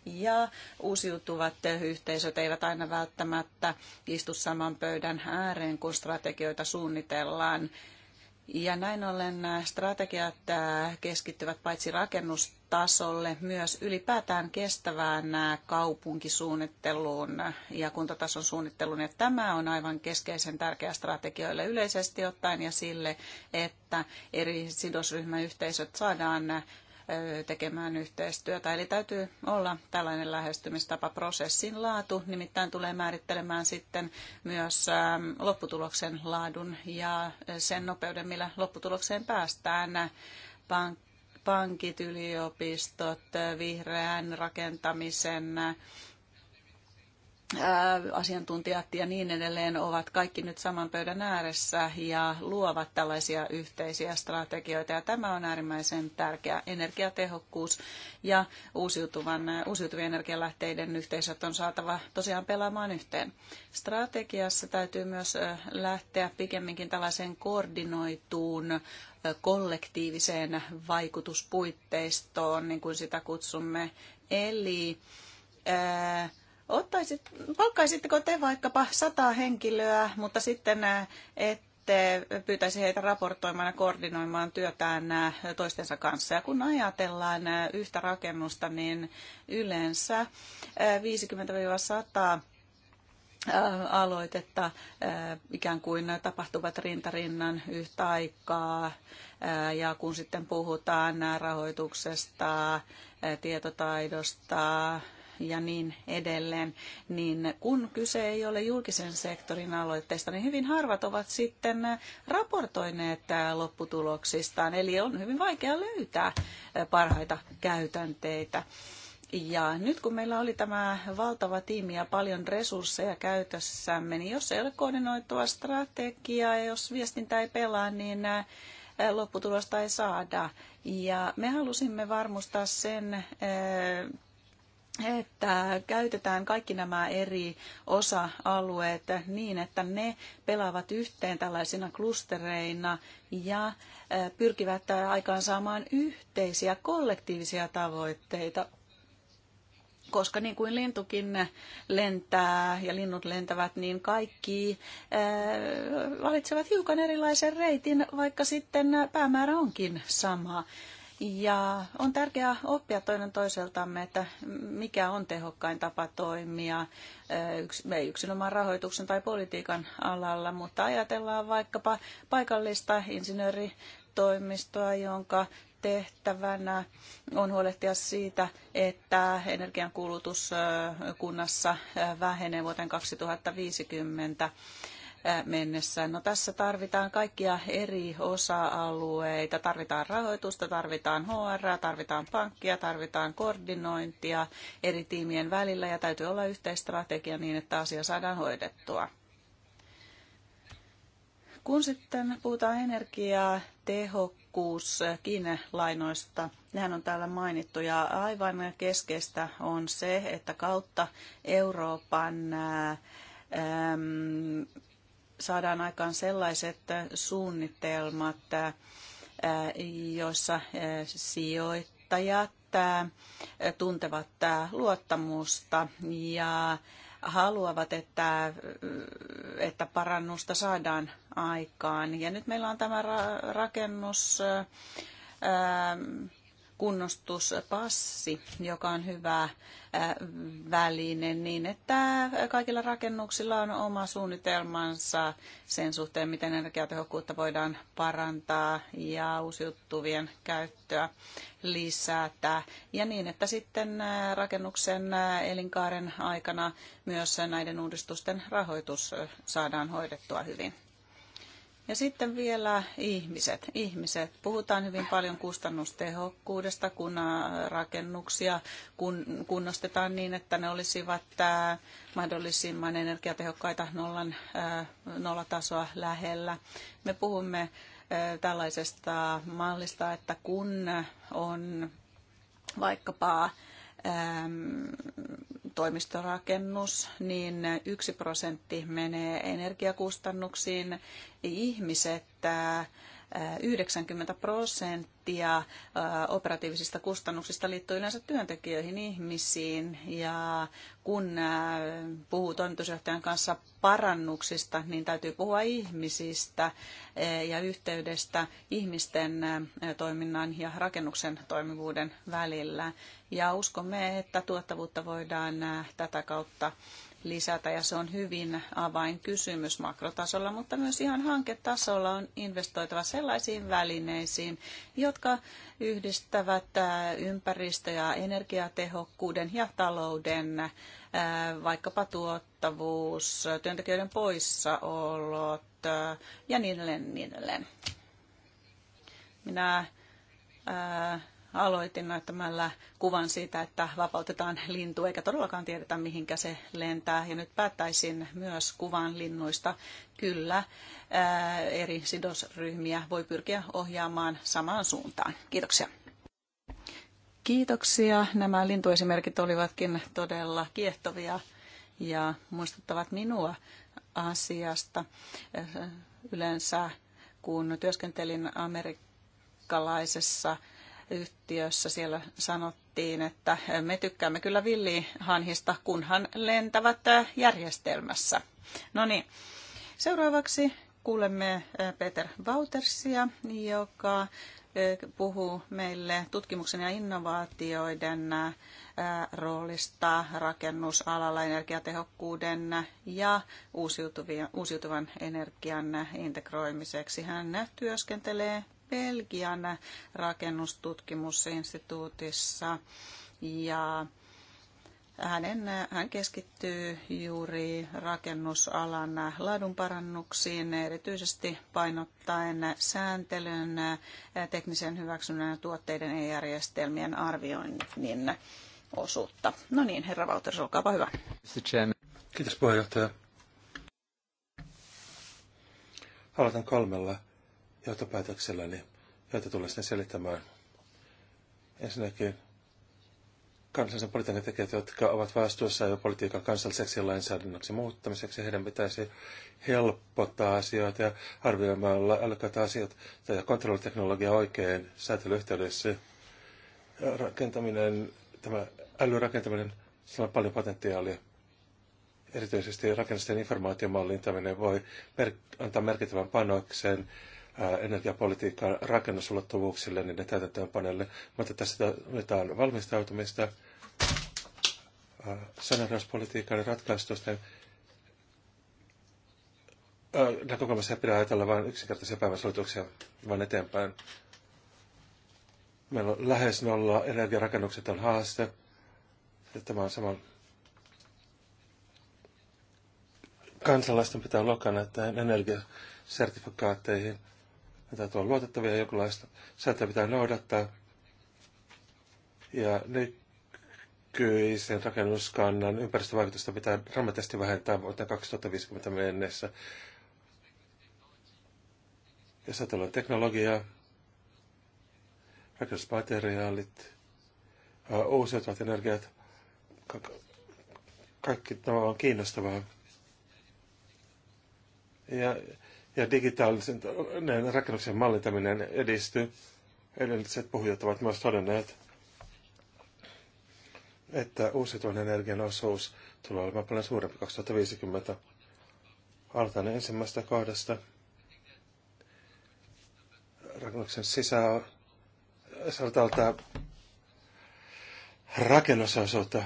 Speaker 2: ja uusiutuvat yhteisöt eivät aina välttämättä istu saman pöydän ääreen, kun strategioita suunnitellaan. Ja näin ollen äh, strategiat äh, keskittyvät paitsi rakennustasolle myös ylipäätään kestävään äh, kaupunkisuunnitteluun ja kuntatason suunnitteluun. Ja tämä on aivan keskeisen tärkeä strategioille yleisesti ottaen ja sille, että eri sidosryhmäyhteisöt saadaan tekemään yhteistyötä. Eli täytyy olla tällainen lähestymistapa. Prosessin laatu nimittäin tulee määrittelemään sitten myös lopputuloksen laadun ja sen nopeuden, millä lopputulokseen päästään. Pankit, yliopistot, vihreän rakentamisen asiantuntijat ja niin edelleen ovat kaikki nyt saman pöydän ääressä ja luovat tällaisia yhteisiä strategioita. Ja tämä on äärimmäisen tärkeä energiatehokkuus ja uusiutuvan, uusiutuvien energialähteiden yhteisöt on saatava tosiaan pelaamaan yhteen. Strategiassa täytyy myös lähteä pikemminkin tällaiseen koordinoituun kollektiiviseen vaikutuspuitteistoon, niin kuin sitä kutsumme. Eli ää, Ottaisit, palkkaisitteko te vaikkapa sata henkilöä, mutta sitten äh, ette pyytäisi heitä raportoimaan ja koordinoimaan työtään äh, toistensa kanssa. Ja kun ajatellaan äh, yhtä rakennusta, niin yleensä 50-100 aloitetta ikään kuin tapahtuvat rintarinnan yhtä aikaa. Ja kun sitten puhutaan rahoituksesta, tietotaidosta, ja niin edelleen, niin kun kyse ei ole julkisen sektorin aloitteista, niin hyvin harvat ovat sitten raportoineet lopputuloksistaan. Eli on hyvin vaikea löytää parhaita käytänteitä. Ja nyt kun meillä oli tämä valtava tiimi ja paljon resursseja käytössämme, niin jos ei ole koordinoitua strategiaa ja jos viestintä ei pelaa, niin lopputulosta ei saada. Ja me halusimme varmistaa sen että käytetään kaikki nämä eri osa-alueet niin, että ne pelaavat yhteen tällaisina klustereina ja pyrkivät aikaansaamaan yhteisiä kollektiivisia tavoitteita. Koska niin kuin lintukin lentää ja linnut lentävät, niin kaikki valitsevat hiukan erilaisen reitin, vaikka sitten päämäärä onkin sama. Ja on tärkeää oppia toinen toiseltamme, että mikä on tehokkain tapa toimia, eh, ei yksinomaan rahoituksen tai politiikan alalla, mutta ajatellaan vaikkapa paikallista insinööritoimistoa, jonka tehtävänä on huolehtia siitä, että energiankulutus eh, kunnassa eh, vähenee vuoteen 2050 mennessä. No tässä tarvitaan kaikkia eri osa-alueita. Tarvitaan rahoitusta, tarvitaan HR, tarvitaan pankkia, tarvitaan koordinointia eri tiimien välillä ja täytyy olla yhteistrategia niin, että asia saadaan hoidettua. Kun sitten puhutaan energiaa, tehokkuus, kiinelainoista, nehän on täällä mainittu ja aivan keskeistä on se, että kautta Euroopan ähm, saadaan aikaan sellaiset suunnitelmat, äh, joissa äh, sijoittajat äh, tuntevat luottamusta ja haluavat, että, että parannusta saadaan aikaan. Ja nyt meillä on tämä rakennus kunnostuspassi, joka on hyvä äh, väline niin, että kaikilla rakennuksilla on oma suunnitelmansa sen suhteen, miten energiatehokkuutta voidaan parantaa ja uusiuttuvien käyttöä lisätä. Ja niin, että sitten äh, rakennuksen äh, elinkaaren aikana myös näiden uudistusten rahoitus saadaan hoidettua hyvin. Ja sitten vielä ihmiset. Ihmiset. Puhutaan hyvin paljon kustannustehokkuudesta, kun äh, rakennuksia kun, kunnostetaan niin, että ne olisivat äh, mahdollisimman energiatehokkaita nollan, äh, nollatasoa lähellä. Me puhumme äh, tällaisesta mallista, että kun on vaikkapa toimistorakennus, niin yksi prosentti menee energiakustannuksiin. Ihmiset äh, 90 prosenttia äh, operatiivisista kustannuksista liittyy yleensä työntekijöihin, ihmisiin. Ja kun äh, puhuu toimitusjohtajan kanssa parannuksista, niin täytyy puhua ihmisistä äh, ja yhteydestä ihmisten toiminnan ja rakennuksen toimivuuden välillä. Ja uskomme, että tuottavuutta voidaan tätä kautta lisätä ja se on hyvin avainkysymys makrotasolla, mutta myös ihan hanketasolla on investoitava sellaisiin välineisiin, jotka yhdistävät ympäristö- ja energiatehokkuuden ja talouden, vaikkapa tuottavuus, työntekijöiden poissaolot ja niin edelleen. Niin edelleen. Minä aloitin näyttämällä kuvan siitä, että vapautetaan lintu, eikä todellakaan tiedetä mihinkä se lentää. Ja nyt päättäisin myös kuvan linnuista. Kyllä, ää, eri sidosryhmiä voi pyrkiä ohjaamaan samaan suuntaan. Kiitoksia. Kiitoksia. Nämä lintuesimerkit olivatkin todella kiehtovia ja muistuttavat minua asiasta. Yleensä kun työskentelin amerikkalaisessa yhtiössä siellä sanottiin, että me tykkäämme kyllä villihanhista, kunhan lentävät järjestelmässä. No niin, seuraavaksi kuulemme Peter Wautersia, joka puhuu meille tutkimuksen ja innovaatioiden roolista rakennusalalla, energiatehokkuuden ja uusiutuvan energian integroimiseksi. Hän työskentelee Belgian rakennustutkimusinstituutissa ja hänen, hän keskittyy juuri rakennusalan laadunparannuksiin, erityisesti painottaen sääntelyn, teknisen hyväksynnän ja tuotteiden ja järjestelmien arvioinnin osuutta. No niin, herra Valters, olkaapa hyvä.
Speaker 1: Kiitos puheenjohtaja. Aloitan kolmella niin joita tulee sitten selittämään. Ensinnäkin kansallisen politiikan tekijät, jotka ovat vastuussa jo politiikan kansalliseksi lainsäädännöksi muuttamiseksi, heidän pitäisi helpottaa asioita ja arvioimalla älykkäitä asioita ja kontrolliteknologia oikein säätelyyhteydessä. Rakentaminen, tämä älyrakentaminen, sillä on paljon potentiaalia. Erityisesti rakennusten informaatiomallintaminen voi mer- antaa merkittävän panoksen energiapolitiikan rakennusulottuvuuksille, niin ne täytäntöönpanolle. Mutta tässä tarvitaan valmistautumista, sanaraspolitiikan ratkaistusten näkökulmassa ei pidä ajatella vain yksinkertaisia päiväsolituksia, vaan eteenpäin. Meillä on lähes nolla, energiarakennukset on haaste. Tämä on saman kansalaisten pitää lokana näihin energiasertifikaatteihin. Ne täytyy olla luotettavia jonkinlaista. Sääntöä pitää noudattaa. Ja nykyisen rakennuskannan ympäristövaikutusta pitää dramaattisesti vähentää vuoteen 2050 mennessä. Ja satelun teknologia, rakennusmateriaalit, uusiutuvat energiat, kaikki tämä on kiinnostavaa. Ja ja digitaalisen rakennuksen mallintaminen edistyy. Edelliset puhujat ovat myös todenneet, että uusiutuvan energian osuus tulee olemaan paljon suurempi 2050. Aloitan ensimmäisestä kohdasta. Rakennuksen sisä rakennusosuutta.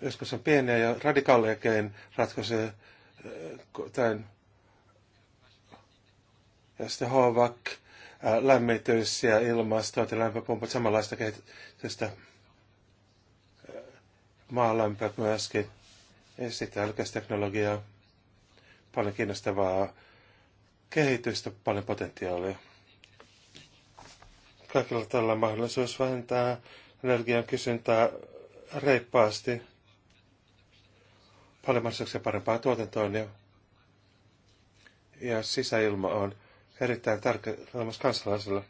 Speaker 1: Joskus on pieniä ja radikaalejakin ratkaisuja, eh, tämän ja sitten HVAC, äh, lämmitys ja ilmasto, ja lämpöpumput, samanlaista kehitystä. Äh, maalämpöt myöskin, ja sitten älykästeknologiaa, paljon kiinnostavaa kehitystä, paljon potentiaalia. Kaikilla tällä on mahdollisuus vähentää energian kysyntää reippaasti, paljon mahdollisuuksia parempaa tuotantoa. ja sisäilma on erittäin tärkeä olemassa kansalaisella.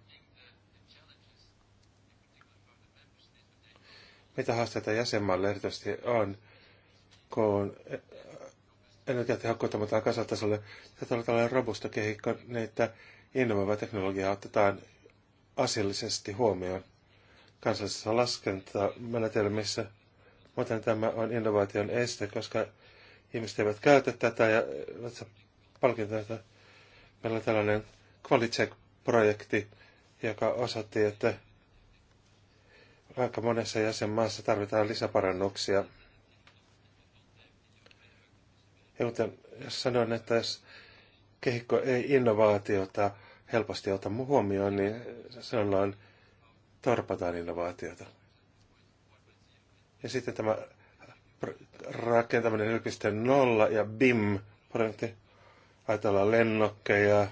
Speaker 1: Mitä haasteita jäsenmaalle erityisesti on, kun energiatehokkuutta mutta kansaltasolle täytyy olla tällainen robusta kehikko, niin että innovoiva teknologia otetaan asiallisesti huomioon kansallisessa laskentamenetelmissä. Muuten tämä on innovaation este, koska ihmiset eivät käytä tätä ja palkintoja. Meillä on tällainen Qualitech-projekti, joka osoitti, että aika monessa jäsenmaassa tarvitaan lisäparannuksia. Ja kuten sanoin, että jos kehikko ei innovaatiota helposti ota huomioon, niin sanotaan torpataan innovaatiota. Ja sitten tämä rakentaminen 1.0 ja BIM-projekti. Ajatellaan lennokkeja,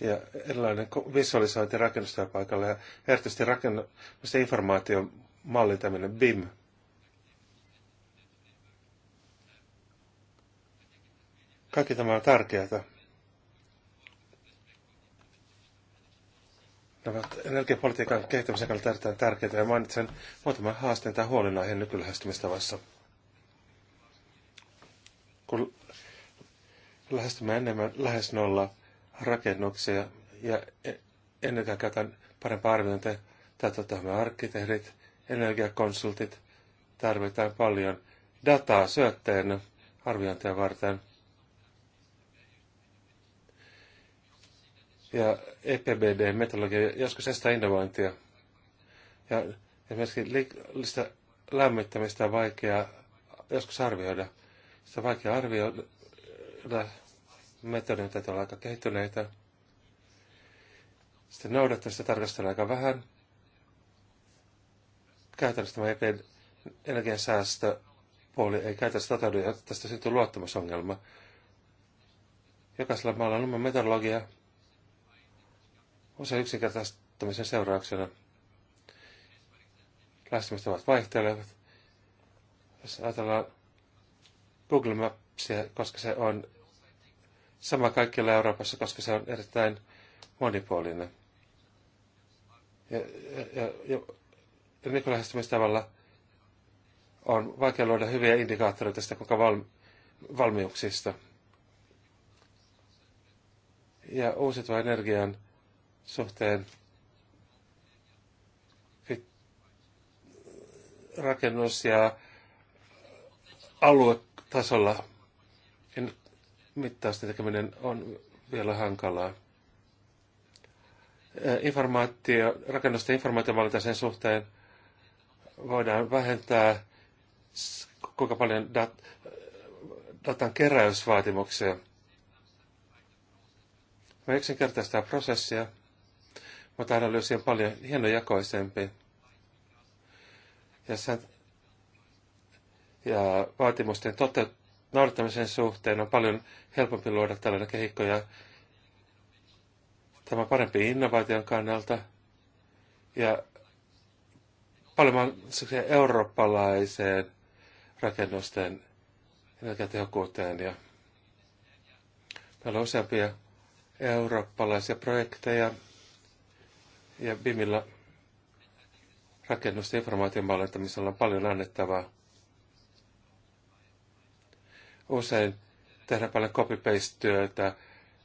Speaker 1: ja erilainen visualisointi rakennustyöpaikalla ja erityisesti rakennusten informaation mallintaminen, BIM. Kaikki tämä on tärkeää. Nämä energiapolitiikan kehittämisen kannalta erittäin tärkeitä ja mainitsen muutaman haasteen tai huolenaiheen nykylähestymistavassa. Kun lähestymme enemmän lähes nollaa, rakennuksia ja e- ennen kaikkea tämän parempaa arviointia täytetään arkkitehdit, energiakonsultit, tarvitaan paljon dataa syötteen arviointia varten. Ja EPBD-metodologia joskus estää innovointia. Ja esimerkiksi liikallista lämmittämistä on vaikea joskus arvioida. Sitä on vaikea arvioida metodin täytyy olla aika kehittyneitä. Sitten noudattamista tarkastellaan aika vähän. Käytännössä tämä EPn säästöpuoli ei käytännössä toteudu ja tästä syntyy luottamusongelma. Jokaisella maalla on oma metodologia usein yksinkertaistamisen seurauksena. Lähestymistavat vaihtelevat. Jos ajatellaan Google Mapsia, koska se on sama kaikkialla Euroopassa, koska se on erittäin monipuolinen. Ja, ja, ja, ja nykylähestymistavalla niin on vaikea luoda hyviä indikaattoreita sitä kuinka valmi, valmiuksista. Ja uusiutuvan energian suhteen rakennus- ja aluetasolla mittausten tekeminen on vielä hankalaa. Informaatio, rakennusten informaatiovalinta sen suhteen voidaan vähentää kuinka paljon dat, datan keräysvaatimuksia. Me yksinkertaistaa prosessia, mutta analyysi on paljon hienojakoisempi. Ja, sen, ja vaatimusten toteut, naurattamisen suhteen on paljon helpompi luoda tällainen kehikko ja tämä on parempi innovaation kannalta ja paljon eurooppalaiseen rakennusten energiatehokkuuteen ja meillä on useampia eurooppalaisia projekteja ja BIMillä rakennusten informaation mallintamisella on paljon annettavaa usein tehdään paljon copy-paste-työtä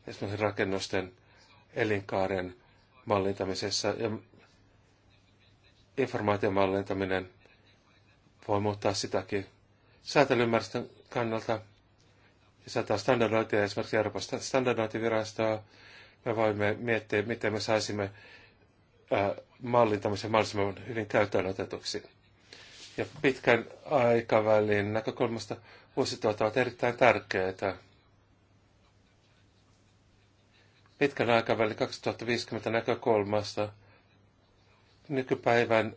Speaker 1: esimerkiksi rakennusten elinkaaren mallintamisessa ja informaation mallintaminen voi muuttaa sitäkin säätelymmärrysten kannalta. Ja saattaa standardointia esimerkiksi Euroopan standardointivirastoa. Me voimme miettiä, miten me saisimme mallintamisen mahdollisimman hyvin käyttöön otetuksi. Ja pitkän aikavälin näkökulmasta Vuosityöt ovat erittäin tärkeitä. Pitkän aikavälin 2050 näkökulmasta nykypäivän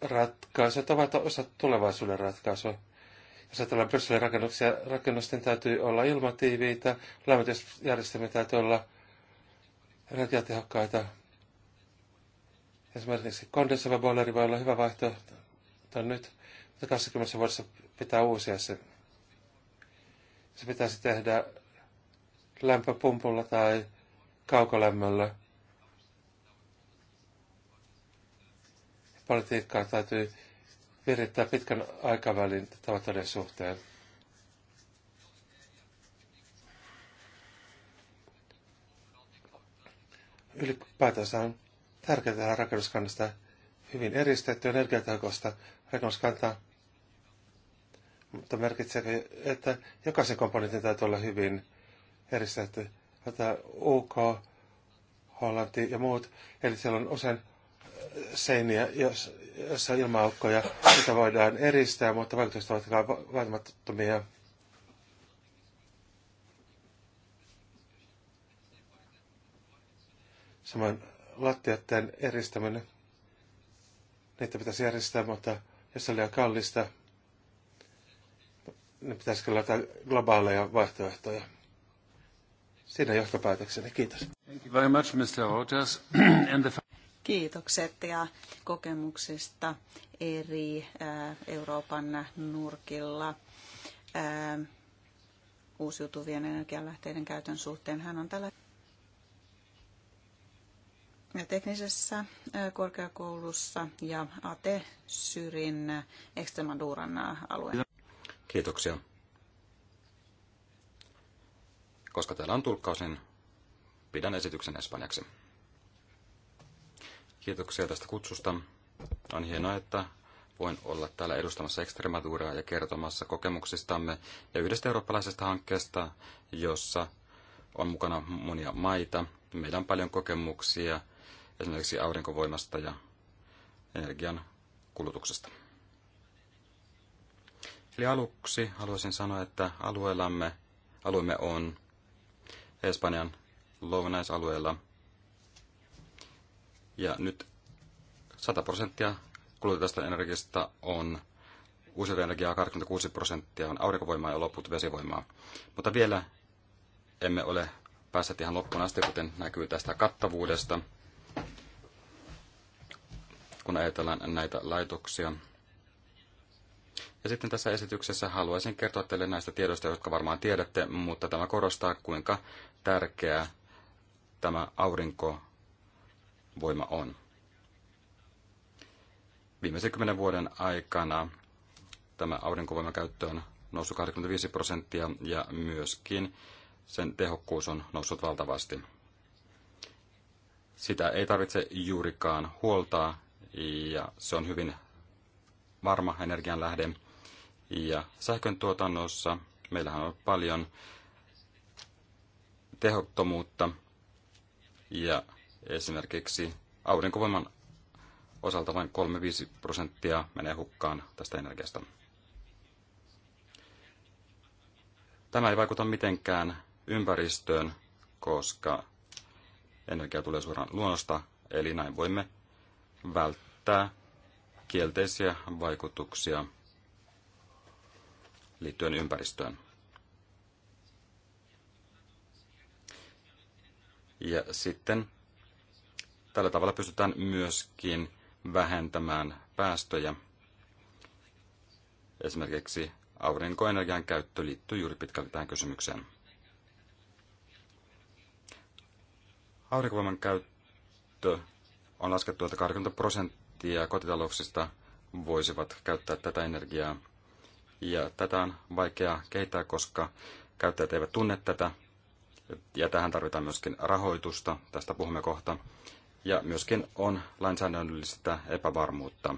Speaker 1: ratkaisut ovat osa tulevaisuuden ratkaisua. Jos ajatellaan Brysselin rakennuksia, rakennusten täytyy olla ilmatiiviitä, lämmitysjärjestelmien täytyy olla energiatehokkaita. Esimerkiksi kondensoiva boileri voi olla hyvä vaihtoehto nyt, mutta 20 vuodessa pitää uusia se. Se pitäisi tehdä lämpöpumpulla tai kaukolämmöllä. Politiikkaa täytyy virittää pitkän aikavälin tavoitteiden suhteen. Ylipäätänsä on tärkeää tehdä rakennuskannasta hyvin eristetty energiatehokosta rakennuskantaa mutta merkitseekö, että jokaisen komponentin täytyy olla hyvin eristetty? Tätä UK, Hollanti ja muut. Eli siellä on usein äh, seiniä, joissa on ilmaaukkoja, mitä voidaan eristää, mutta vaikutukset ovat vaatimattomia. Samoin lattiatteen eristäminen. Niitä pitäisi järjestää, mutta jos se on liian kallista, ne pitäisikö kyllä globaaleja vaihtoehtoja. Siinä johtopäätökseni. Kiitos. Thank you very much, Mr. Reuters. And the...
Speaker 2: Kiitokset ja kokemuksista eri äh, Euroopan nurkilla äh, uusiutuvien energialähteiden käytön suhteen. Hän on tällä teknisessä äh, korkeakoulussa ja ATE Syrin Extremaduran alueella.
Speaker 3: Kiitoksia. Koska täällä on tulkkaus, niin pidän esityksen espanjaksi. Kiitoksia tästä kutsusta. On hienoa, että voin olla täällä edustamassa Extremaduraa ja kertomassa kokemuksistamme ja yhdestä eurooppalaisesta hankkeesta, jossa on mukana monia maita. Meillä on paljon kokemuksia esimerkiksi aurinkovoimasta ja energian kulutuksesta. Eli aluksi haluaisin sanoa, että alueellamme, alueemme on Espanjan lounaisalueella. Ja nyt 100 prosenttia kulutetusta energiasta on uusiutuvaa energiaa, 26 prosenttia on aurinkovoimaa ja loput vesivoimaa. Mutta vielä emme ole päässeet ihan loppuun asti, kuten näkyy tästä kattavuudesta, kun ajatellaan näitä laitoksia, ja sitten tässä esityksessä haluaisin kertoa teille näistä tiedoista, jotka varmaan tiedätte, mutta tämä korostaa, kuinka tärkeää tämä aurinkovoima on. Viimeisen kymmenen vuoden aikana tämä aurinkovoiman käyttö on noussut 85 prosenttia ja myöskin sen tehokkuus on noussut valtavasti. Sitä ei tarvitse juurikaan huoltaa ja se on hyvin varma energianlähde. Ja sähkön tuotannossa meillähän on paljon tehottomuutta ja esimerkiksi aurinkovoiman osalta vain 3-5 prosenttia menee hukkaan tästä energiasta. Tämä ei vaikuta mitenkään ympäristöön, koska energia tulee suoraan luonnosta, eli näin voimme välttää kielteisiä vaikutuksia liittyen ympäristöön. Ja sitten tällä tavalla pystytään myöskin vähentämään päästöjä. Esimerkiksi aurinkoenergian käyttö liittyy juuri pitkälti tähän kysymykseen. Aurinkovoiman käyttö on laskettu, että 80 prosenttia kotitalouksista voisivat käyttää tätä energiaa ja tätä on vaikea kehittää, koska käyttäjät eivät tunne tätä, ja tähän tarvitaan myöskin rahoitusta, tästä puhumme kohta, ja myöskin on lainsäädännöllistä epävarmuutta.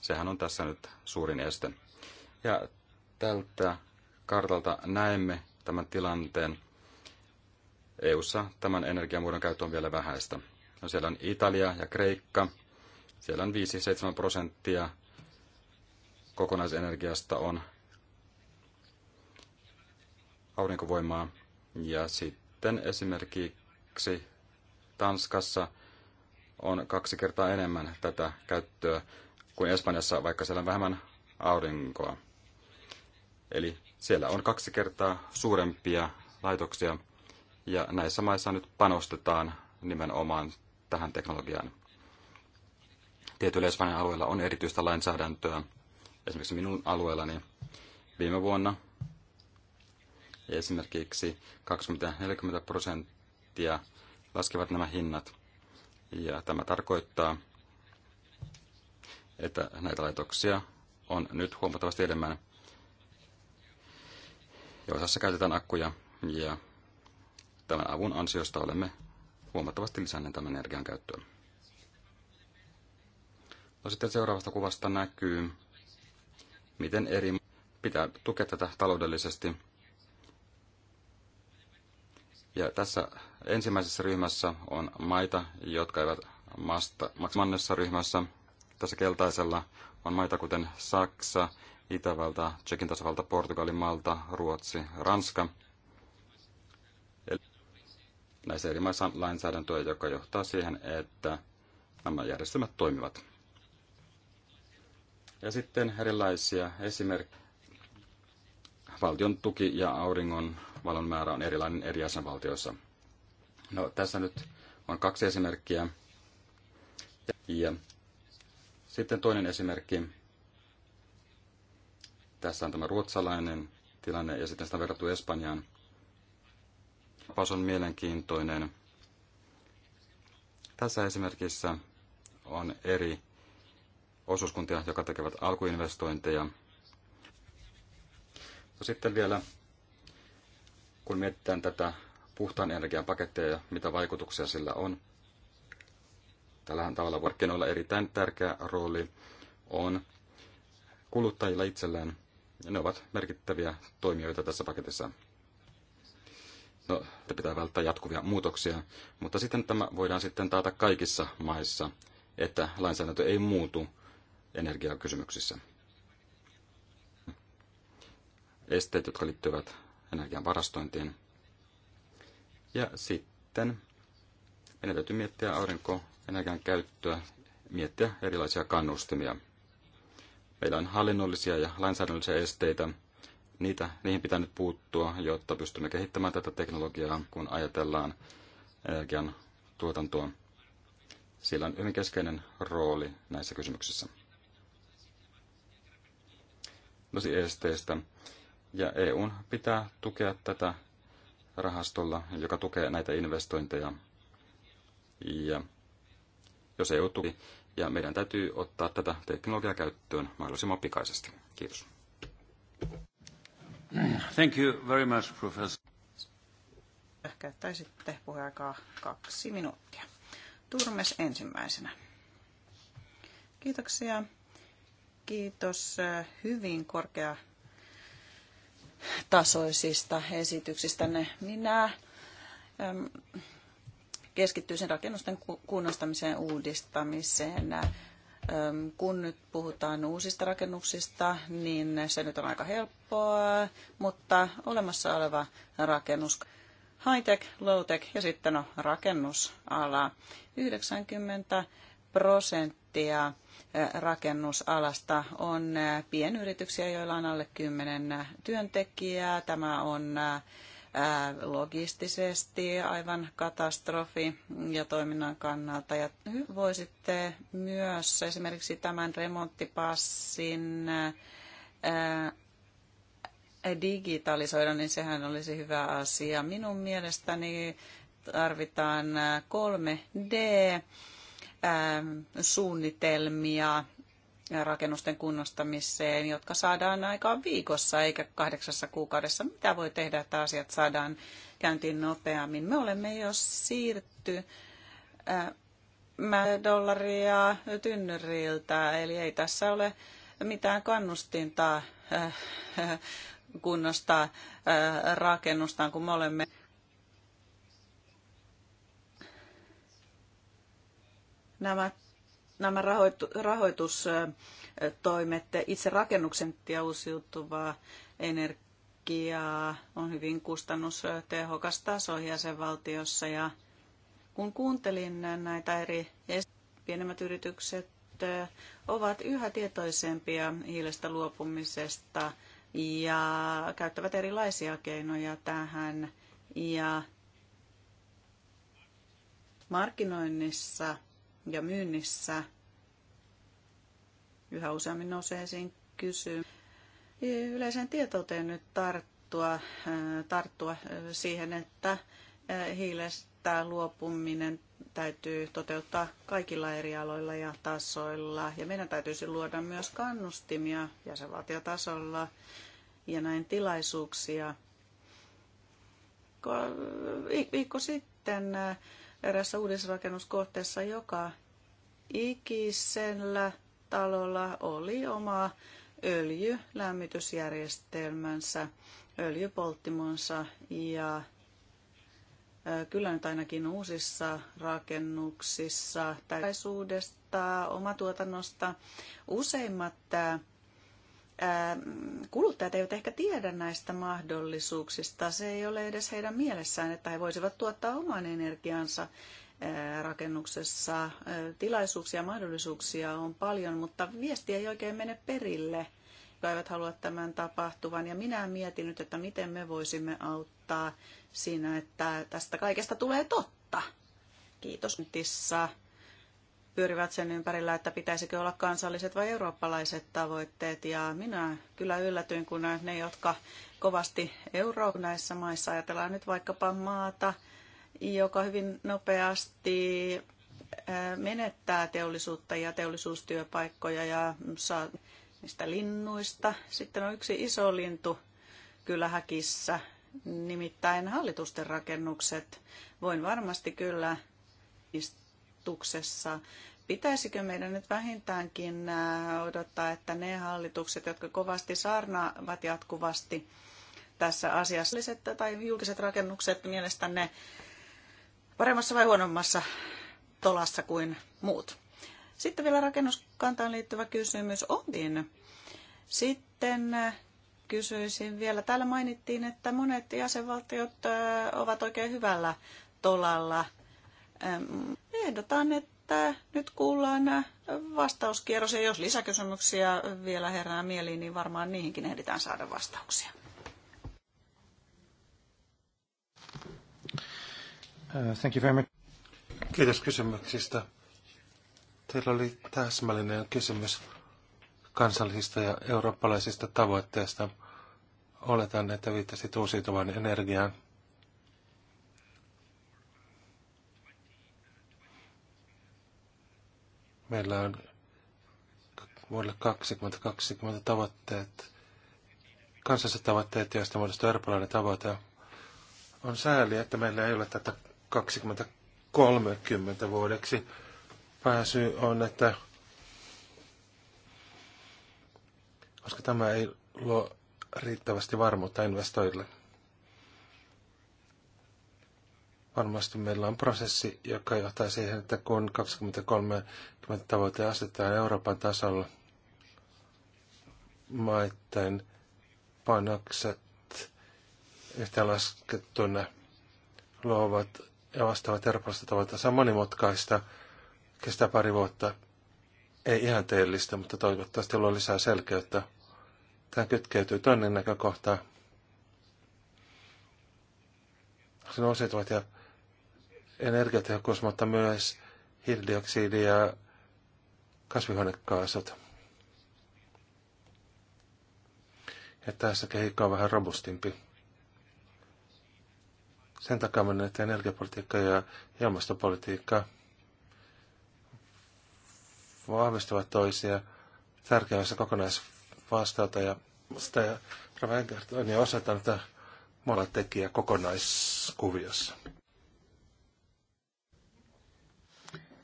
Speaker 3: Sehän on tässä nyt suurin este. Ja tältä kartalta näemme tämän tilanteen. EU:ssa tämän energiamuodon käyttö on vielä vähäistä. No siellä on Italia ja Kreikka. Siellä on 5-7 prosenttia kokonaisenergiasta on aurinkovoimaa ja sitten esimerkiksi Tanskassa on kaksi kertaa enemmän tätä käyttöä kuin Espanjassa, vaikka siellä on vähemmän aurinkoa. Eli siellä on kaksi kertaa suurempia laitoksia ja näissä maissa nyt panostetaan nimenomaan tähän teknologiaan. Tietyillä Espanjan alueilla on erityistä lainsäädäntöä, esimerkiksi minun alueellani viime vuonna esimerkiksi 20-40 prosenttia laskevat nämä hinnat. Ja tämä tarkoittaa, että näitä laitoksia on nyt huomattavasti enemmän. Ja osassa käytetään akkuja ja tämän avun ansiosta olemme huomattavasti lisänneet tämän energian käyttöä. No sitten seuraavasta kuvasta näkyy, miten eri pitää tukea tätä taloudellisesti. Ja tässä ensimmäisessä ryhmässä on maita, jotka eivät maasta, ryhmässä. Tässä keltaisella on maita kuten Saksa, Itävalta, Tsekin tasavalta, Portugali, Malta, Ruotsi, Ranska. Eli näissä eri maissa on lainsäädäntöä, joka johtaa siihen, että nämä järjestelmät toimivat. Ja sitten erilaisia esimerkkejä. Valtion tuki ja auringon valon määrä on erilainen eri jäsenvaltioissa. No, tässä nyt on kaksi esimerkkiä. Ja sitten toinen esimerkki. Tässä on tämä ruotsalainen tilanne ja sitten sitä verrattu Espanjaan. Tapaus on mielenkiintoinen. Tässä esimerkissä on eri osuuskuntia, jotka tekevät alkuinvestointeja. No sitten vielä, kun mietitään tätä puhtaan energian pakettia ja mitä vaikutuksia sillä on, tällähän tavalla markkinoilla erittäin tärkeä rooli on kuluttajilla itsellään, ja ne ovat merkittäviä toimijoita tässä paketissa. No, pitää välttää jatkuvia muutoksia, mutta sitten tämä voidaan sitten taata kaikissa maissa, että lainsäädäntö ei muutu energiakysymyksissä. Esteet, jotka liittyvät energian varastointiin. Ja sitten meidän täytyy miettiä aurinkoenergian käyttöä, miettiä erilaisia kannustimia. Meillä on hallinnollisia ja lainsäädännöllisiä esteitä. Niitä, niihin pitää nyt puuttua, jotta pystymme kehittämään tätä teknologiaa, kun ajatellaan energian tuotantoa. Sillä on hyvin keskeinen rooli näissä kysymyksissä tosi esteistä. Ja EUn pitää tukea tätä rahastolla, joka tukee näitä investointeja. Ja jos EU tuki, ja meidän täytyy ottaa tätä teknologiaa käyttöön mahdollisimman pikaisesti. Kiitos.
Speaker 1: Thank you very much, professor.
Speaker 2: Käyttäisitte puheaikaa kaksi minuuttia. Turmes ensimmäisenä. Kiitoksia kiitos hyvin korkeatasoisista tasoisista Minä keskittyisin rakennusten kunnostamiseen uudistamiseen. Kun nyt puhutaan uusista rakennuksista, niin se nyt on aika helppoa, mutta olemassa oleva rakennus, high-tech, low-tech ja sitten on rakennusala. 90 prosenttia eh, rakennusalasta on eh, pienyrityksiä, joilla on alle 10 eh, työntekijää. Tämä on logistisesti aivan katastrofi ja toiminnan kannalta. Ja voisitte myös esimerkiksi tämän remonttipassin digitalisoida, niin sehän olisi hyvä asia. Minun mielestäni tarvitaan 3D Ähm, suunnitelmia rakennusten kunnostamiseen, jotka saadaan aikaan viikossa eikä kahdeksassa kuukaudessa. Mitä voi tehdä, että asiat saadaan käyntiin nopeammin? Me olemme jo siirty äh, dollaria tynnyriltä, eli ei tässä ole mitään kannustinta äh, äh, kunnostaa rakennustaan, kun me olemme nämä, nämä rahoitu, rahoitustoimet itse rakennuksen ja uusiutuvaa energiaa on hyvin kustannustehokas taso jäsenvaltiossa ja kun kuuntelin näitä eri pienemmät yritykset ovat yhä tietoisempia hiilestä luopumisesta ja käyttävät erilaisia keinoja tähän. Ja markkinoinnissa ja myynnissä yhä useammin nousee esiin kysyy. Yleiseen tietouteen nyt tarttua, äh, tarttua äh, siihen, että äh, hiilestä luopuminen täytyy toteuttaa kaikilla eri aloilla ja tasoilla. Ja meidän täytyisi luoda myös kannustimia jäsenvaltiotasolla ja näin tilaisuuksia. Viikko sitten erässä uudisrakennuskohteessa joka ikisellä talolla oli oma öljylämmitysjärjestelmänsä, öljypolttimonsa ja kyllä nyt ainakin uusissa rakennuksissa täysuudesta, omatuotannosta useimmat kuluttajat eivät ehkä tiedä näistä mahdollisuuksista. Se ei ole edes heidän mielessään, että he voisivat tuottaa oman energiansa rakennuksessa. Tilaisuuksia ja mahdollisuuksia on paljon, mutta viesti ei oikein mene perille, jotka eivät halua tämän tapahtuvan. Ja minä mietin nyt, että miten me voisimme auttaa siinä, että tästä kaikesta tulee totta. Kiitos. Tissa pyörivät sen ympärillä, että pitäisikö olla kansalliset vai eurooppalaiset tavoitteet. Ja minä kyllä yllätyin, kun ne, jotka kovasti euro näissä maissa, ajatellaan nyt vaikkapa maata, joka hyvin nopeasti menettää teollisuutta ja teollisuustyöpaikkoja ja saa niistä linnuista. Sitten on yksi iso lintu häkissä, nimittäin hallitusten rakennukset. Voin varmasti kyllä hallituksessa. Pitäisikö meidän nyt vähintäänkin äh, odottaa, että ne hallitukset, jotka kovasti saarnaavat jatkuvasti tässä asiassa, tai julkiset rakennukset mielestänne paremmassa vai huonommassa tolassa kuin muut? Sitten vielä rakennuskantaan liittyvä kysymys onkin. Sitten äh, kysyisin vielä. Täällä mainittiin, että monet jäsenvaltiot äh, ovat oikein hyvällä tolalla Ehdotan, että nyt kuullaan vastauskierros ja jos lisäkysymyksiä vielä herää mieliin, niin varmaan niihinkin ehditään saada vastauksia.
Speaker 1: Uh, thank you very much. Kiitos kysymyksistä. Teillä oli täsmällinen kysymys kansallisista ja eurooppalaisista tavoitteista. Oletan, että viittasit uusiutuvan energiaan. Meillä on vuodelle 2020 tavoitteet, kansalliset tavoitteet, joista muodostuu eurooppalainen tavoite. On sääli, että meillä ei ole tätä 2030 vuodeksi. Pääsy on, että koska tämä ei luo riittävästi varmuutta investoijille. varmasti meillä on prosessi, joka johtaa siihen, että kun 2030 tavoite asetetaan Euroopan tasolla, maiden panokset yhteenlaskettuna luovat ja vastaavat eurooppalaista Se on monimutkaista, kestää pari vuotta, ei ihan teellistä, mutta toivottavasti luo lisää selkeyttä. Tämä kytkeytyy toinen näkökohta. Se nousetuvat ja energiatehokkuus, mutta myös hiilidioksidi ja kasvihuonekaasut. Ja tässä kehikko on vähän robustimpi. Sen mennään, että energiapolitiikka ja ilmastopolitiikka vahvistavat toisia tärkeässä kokonaisvastautta ja sitä on jo osoittanut, tätä molemmat tekijä kokonaiskuviossa.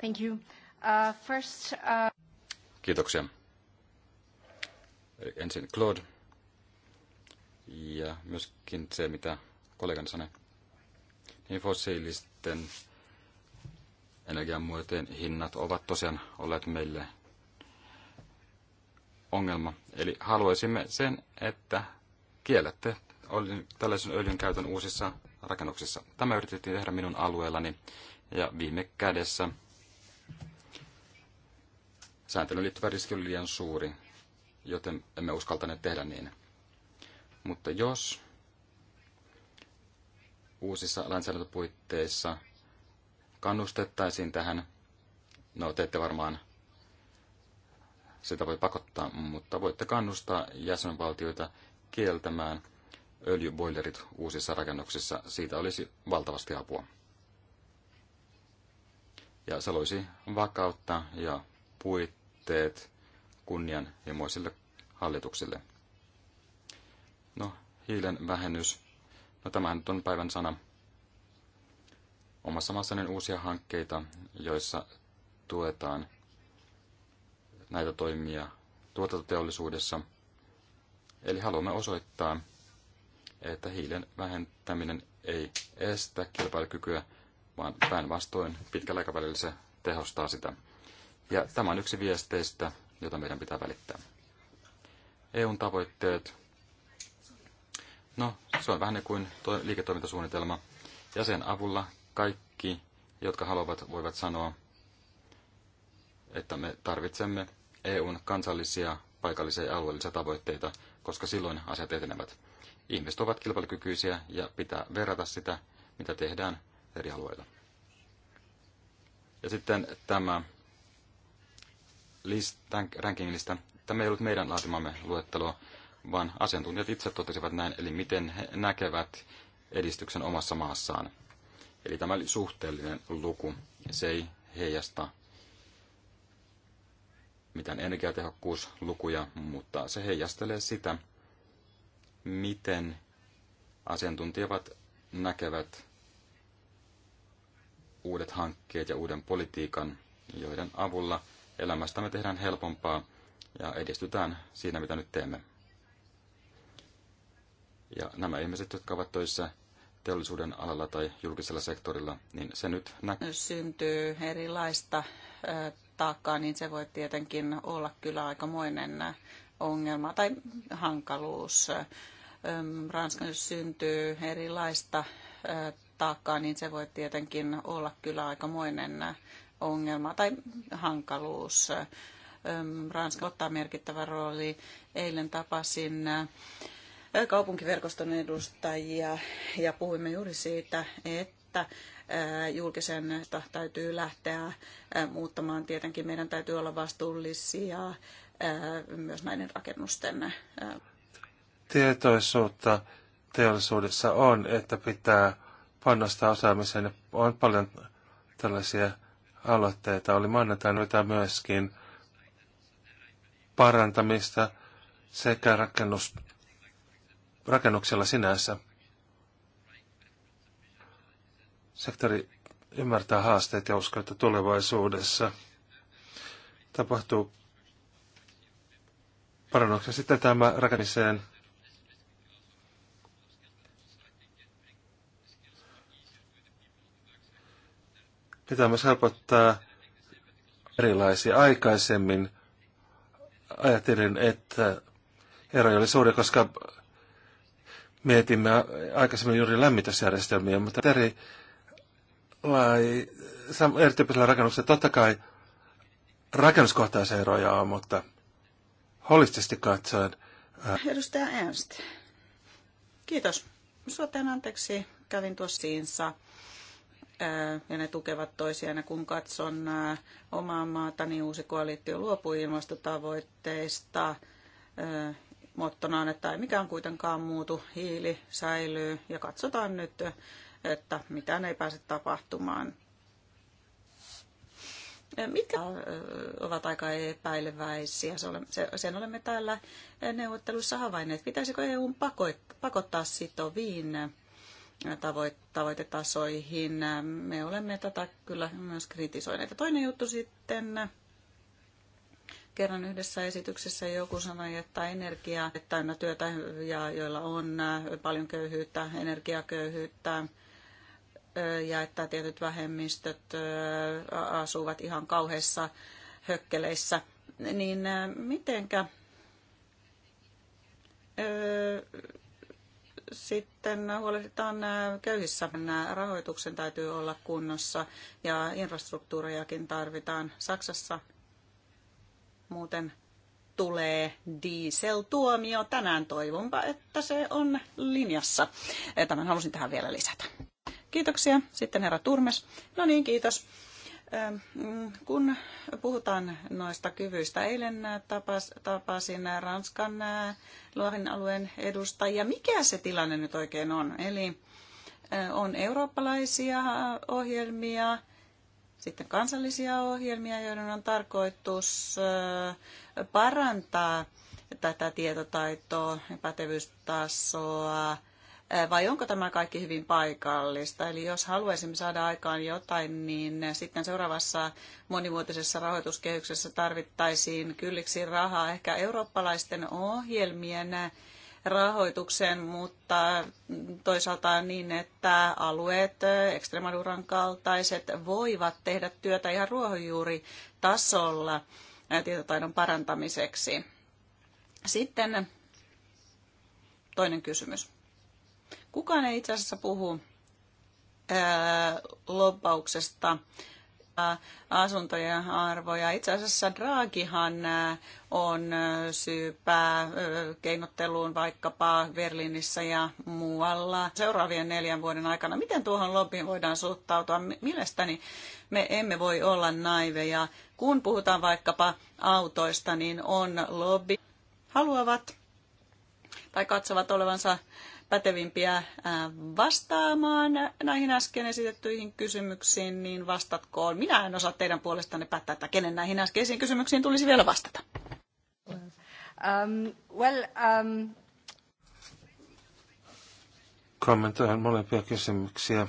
Speaker 2: Thank you. Uh, first, uh,
Speaker 3: Kiitoksia. ensin Claude ja myöskin se, mitä kollegani sanoi, niin fossiilisten energiamuotojen hinnat ovat tosiaan olleet meille ongelma. Eli haluaisimme sen, että kiellätte tällaisen öljyn käytön uusissa rakennuksissa. Tämä yritettiin tehdä minun alueellani ja viime kädessä – sääntelyyn liittyvä riski oli liian suuri, joten emme uskaltaneet tehdä niin. Mutta jos uusissa lainsäädäntöpuitteissa kannustettaisiin tähän, no te ette varmaan sitä voi pakottaa, mutta voitte kannustaa jäsenvaltioita kieltämään öljyboilerit uusissa rakennuksissa. Siitä olisi valtavasti apua. Ja se loisi vakautta ja puit tavoitteet kunnianhimoisille hallituksille. No, hiilen vähennys. No tämähän nyt on päivän sana. Omassa maassani uusia hankkeita, joissa tuetaan näitä toimia tuotantoteollisuudessa. Eli haluamme osoittaa, että hiilen vähentäminen ei estä kilpailukykyä, vaan päinvastoin pitkällä aikavälillä se tehostaa sitä. Ja tämä on yksi viesteistä, jota meidän pitää välittää. EUn tavoitteet. No, se on vähän niin kuin liiketoimintasuunnitelma. Ja sen avulla kaikki, jotka haluavat, voivat sanoa, että me tarvitsemme EUn kansallisia, paikallisia ja alueellisia tavoitteita, koska silloin asiat etenevät. Ihmiset ovat kilpailukykyisiä ja pitää verrata sitä, mitä tehdään eri alueilla. Ja sitten tämä listan, Tämä ei ollut meidän laatimamme luettelo vaan asiantuntijat itse totesivat näin, eli miten he näkevät edistyksen omassa maassaan. Eli tämä oli suhteellinen luku. Se ei heijasta mitään energiatehokkuuslukuja, mutta se heijastelee sitä, miten asiantuntijat näkevät uudet hankkeet ja uuden politiikan, joiden avulla – elämästämme tehdään helpompaa ja edistytään siinä, mitä nyt teemme. Ja nämä ihmiset, jotka ovat töissä teollisuuden alalla tai julkisella sektorilla, niin se nyt näkyy.
Speaker 2: Syntyy erilaista taakkaa, niin se voi tietenkin olla kyllä aikamoinen ongelma tai hankaluus. Ranskan syntyy erilaista taakkaa, niin se voi tietenkin olla kyllä aikamoinen ongelma tai hankaluus. Ranska ottaa merkittävä rooli. Eilen tapasin kaupunkiverkoston edustajia ja puhuimme juuri siitä, että julkisen täytyy lähteä muuttamaan. Tietenkin meidän täytyy olla vastuullisia myös näiden rakennusten.
Speaker 1: Tietoisuutta teollisuudessa on, että pitää panostaa osaamiseen. On paljon tällaisia aloitteita oli maanantaina, noita myöskin parantamista sekä rakennus, rakennuksella sinänsä. Sektori ymmärtää haasteet ja uskoo, että tulevaisuudessa tapahtuu parannuksia. Sitten tämä rakennukseen mitä myös helpottaa erilaisia. Aikaisemmin ajattelin, että ero oli suuri, koska mietimme aikaisemmin juuri lämmitysjärjestelmiä, mutta eri lai, erityyppisellä rakennuksella totta kai rakennuskohtaisia eroja on, mutta holistisesti katsoen. Ää... Äh,
Speaker 2: Edustaja Ernst, kiitos. Suoteen anteeksi, kävin tuossa siinsa ja ne tukevat toisiaan. Ja kun katson omaa maata, niin uusi koalitio luopui ilmastotavoitteista mottonaan, että ei mikään kuitenkaan muutu, hiili säilyy ja katsotaan nyt, että mitään ei pääse tapahtumaan. Mitkä ovat aika epäileväisiä? Sen olemme täällä neuvottelussa havainneet. Pitäisikö EU pakottaa sitoviin tavoitetasoihin. Me olemme tätä kyllä myös kritisoineet. Toinen juttu sitten, kerran yhdessä esityksessä joku sanoi, että energia että täynnä työtä ja joilla on paljon köyhyyttä, energiaköyhyyttä, ja että tietyt vähemmistöt asuvat ihan kauheissa hökkeleissä, niin mitenkä sitten huolehditaan köyhissä. Rahoituksen täytyy olla kunnossa ja infrastruktuurejakin tarvitaan. Saksassa muuten tulee dieseltuomio tänään. Toivonpa, että se on linjassa. Tämän halusin tähän vielä lisätä. Kiitoksia. Sitten herra Turmes. No niin, kiitos. Ähm, kun puhutaan noista kyvyistä, eilen äh, tapas, tapasin Ranskan äh, Luorin alueen edustajia. Mikä se tilanne nyt oikein on? Eli äh, on eurooppalaisia ohjelmia, sitten kansallisia ohjelmia, joiden on tarkoitus parantaa tätä tietotaitoa ja pätevyystasoa vai onko tämä kaikki hyvin paikallista? Eli jos haluaisimme saada aikaan jotain, niin sitten seuraavassa monivuotisessa rahoituskehyksessä tarvittaisiin kylliksi rahaa ehkä eurooppalaisten ohjelmien rahoitukseen, mutta toisaalta niin, että alueet, Extremaduran kaltaiset, voivat tehdä työtä ihan ruohonjuuritasolla tietotaidon parantamiseksi. Sitten toinen kysymys. Kukaan ei itse asiassa puhu lobbauksesta asuntojen arvoja. Itse asiassa draakihan on syypää keinotteluun vaikkapa Berliinissä ja muualla seuraavien neljän vuoden aikana. Miten tuohon lobbyin voidaan suhtautua? Mielestäni me emme voi olla naiveja. Kun puhutaan vaikkapa autoista, niin on lobby. Haluavat tai katsovat olevansa pätevimpiä äh, vastaamaan näihin äsken esitettyihin kysymyksiin, niin vastatkoon. Minä en osaa teidän puolestanne päättää, että kenen näihin äskeisiin kysymyksiin tulisi vielä vastata. Um, well, um...
Speaker 1: Kommentoin molempia kysymyksiä.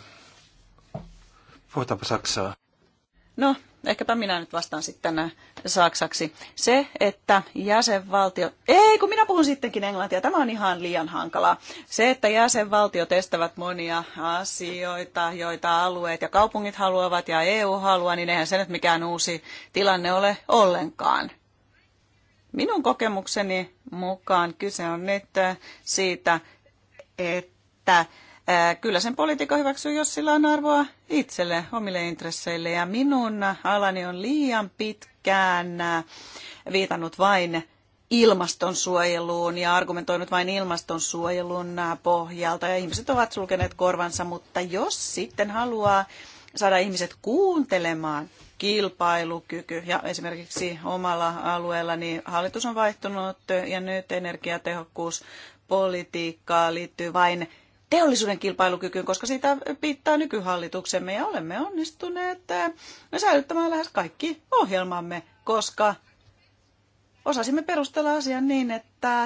Speaker 1: Puhutaanpa Saksaa.
Speaker 2: No, ehkäpä minä nyt vastaan sitten äh, saksaksi. Se, että jäsenvaltio... Ei, kun minä puhun sittenkin englantia. Tämä on ihan liian hankalaa. Se, että jäsenvaltiot estävät monia asioita, joita alueet ja kaupungit haluavat ja EU haluaa, niin eihän se nyt mikään uusi tilanne ole ollenkaan. Minun kokemukseni mukaan kyse on nyt äh, siitä, että Kyllä sen poliitikko hyväksyy, jos sillä on arvoa itselle, omille intresseille. Ja minun alani on liian pitkään viitannut vain ilmastonsuojeluun ja argumentoinut vain ilmastonsuojelun pohjalta. Ja ihmiset ovat sulkeneet korvansa, mutta jos sitten haluaa saada ihmiset kuuntelemaan kilpailukyky. Ja esimerkiksi omalla alueella niin hallitus on vaihtunut ja nyt energiatehokkuuspolitiikkaa liittyy vain teollisuuden kilpailukykyyn, koska siitä piittaa nykyhallituksemme ja olemme onnistuneet eh, säilyttämään lähes kaikki ohjelmamme, koska osasimme perustella asian niin, että,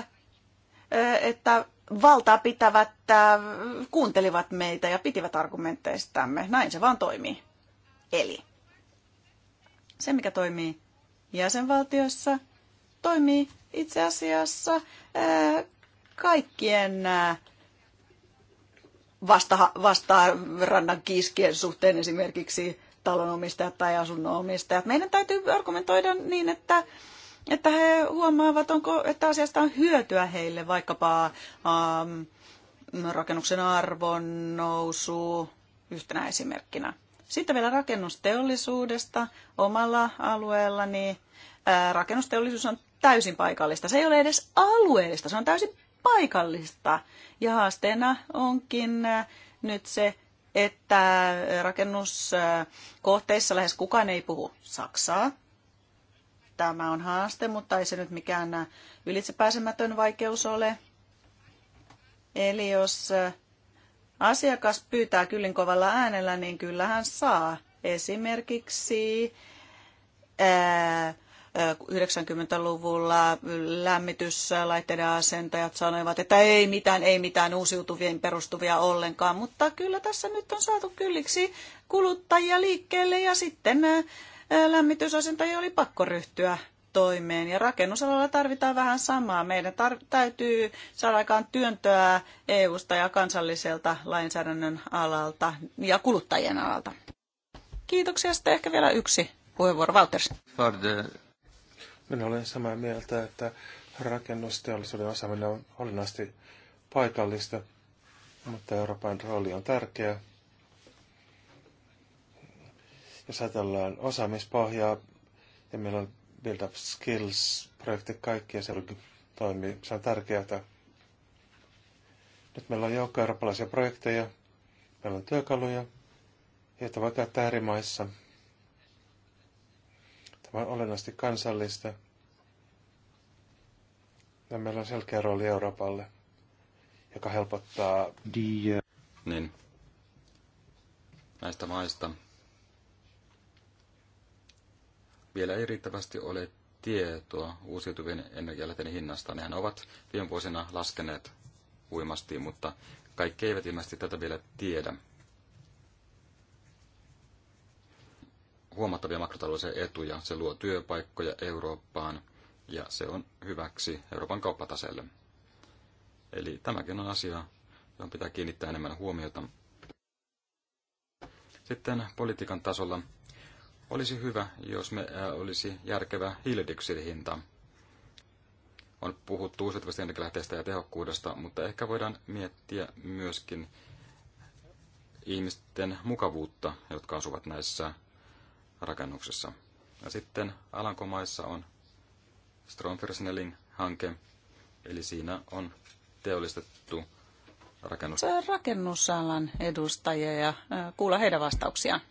Speaker 2: eh, että valtaa pitävät eh, kuuntelivat meitä ja pitivät argumenteistamme. Näin se vaan toimii. Eli se, mikä toimii jäsenvaltioissa, toimii itse asiassa kaikkien vasta, rannan kiiskien suhteen esimerkiksi talonomistajat tai asunnonomistajat. Meidän täytyy argumentoida niin, että, että he huomaavat, onko, että asiasta on hyötyä heille, vaikkapa ähm, rakennuksen arvon nousu yhtenä esimerkkinä. Sitten vielä rakennusteollisuudesta omalla alueellani. Äh, rakennusteollisuus on täysin paikallista. Se ei ole edes alueellista, se on täysin paikallista. Ja haasteena onkin äh, nyt se, että äh, rakennuskohteissa lähes kukaan ei puhu saksaa. Tämä on haaste, mutta ei se nyt mikään äh, ylitsepääsemätön vaikeus ole. Eli jos asiakas pyytää kyllin kovalla äänellä, niin kyllähän saa. Esimerkiksi ää, 90-luvulla lämmityslaitteiden asentajat sanoivat, että ei mitään, ei mitään uusiutuvien perustuvia ollenkaan, mutta kyllä tässä nyt on saatu kylliksi kuluttajia liikkeelle ja sitten lämmitysasentajia oli pakko ryhtyä toimeen. Ja rakennusalalla tarvitaan vähän samaa. Meidän tar- täytyy saada aikaan työntöä EU-sta ja kansalliselta lainsäädännön alalta ja kuluttajien alalta. Kiitoksia. Sitten ehkä vielä yksi puheenvuoro. Walters. For the
Speaker 1: minä olen samaa mieltä, että rakennusteollisuuden osaaminen on olennaisesti paikallista, mutta Euroopan rooli on tärkeä. Jos ajatellaan osaamispohjaa, ja meillä on Build Up Skills-projekti kaikki, ja se toimii. Se on tärkeää. Nyt meillä on joukko eurooppalaisia projekteja, meillä on työkaluja, joita voi käyttää eri maissa – vaan olennaisesti kansallista. Ja meillä on selkeä rooli Euroopalle, joka helpottaa... Die. Äh, niin.
Speaker 3: Näistä maista vielä ei riittävästi ole tietoa uusiutuvien energialähteiden hinnasta. Nehän ovat viime vuosina laskeneet huimasti, mutta kaikki eivät ilmeisesti tätä vielä tiedä. huomattavia makrotaloudellisia etuja. Se luo työpaikkoja Eurooppaan ja se on hyväksi Euroopan kauppataselle. Eli tämäkin on asia, johon pitää kiinnittää enemmän huomiota. Sitten politiikan tasolla olisi hyvä, jos me olisi järkevä hiilidioksidihinta. On puhuttu uusiutuvista energialähteistä ja tehokkuudesta, mutta ehkä voidaan miettiä myöskin ihmisten mukavuutta, jotka asuvat näissä rakennuksessa. Ja sitten Alankomaissa on Stromfersnellin hanke, eli siinä on teollistettu rakennus.
Speaker 2: rakennusalan edustajia ja kuulla heidän vastauksiaan.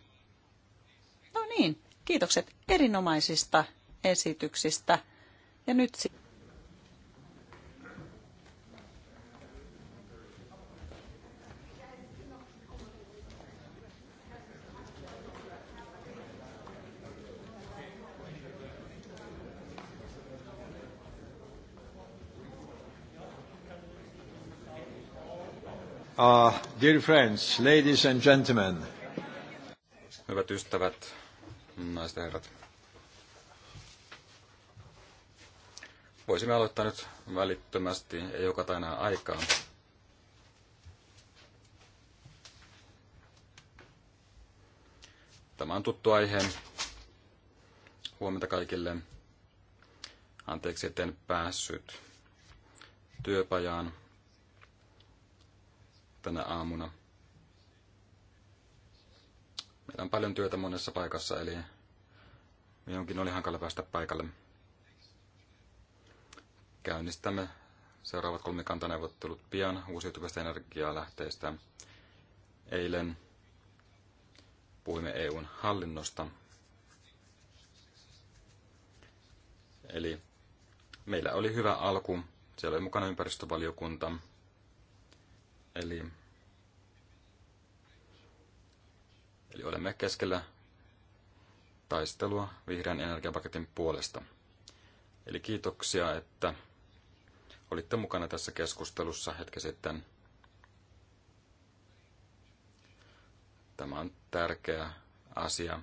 Speaker 2: No niin, kiitokset erinomaisista esityksistä. Ja nyt sitten
Speaker 1: dear friends, ladies and gentlemen.
Speaker 3: Hyvät ystävät, naiset ja herrat. Voisimme aloittaa nyt välittömästi, ei joka tänään aikaa. Tämä on tuttu aihe. Huomenta kaikille. Anteeksi, etten päässyt työpajaan tänä aamuna. Meillä on paljon työtä monessa paikassa, eli minunkin oli hankala päästä paikalle. Käynnistämme seuraavat kolmikantaneuvottelut pian uusiutuvista energialähteistä. Eilen puhuimme EUn hallinnosta. Eli meillä oli hyvä alku. Siellä oli mukana ympäristövaliokunta, Eli, eli olemme keskellä taistelua vihreän energiapaketin puolesta. Eli kiitoksia, että olitte mukana tässä keskustelussa hetki sitten. Tämä on tärkeä asia.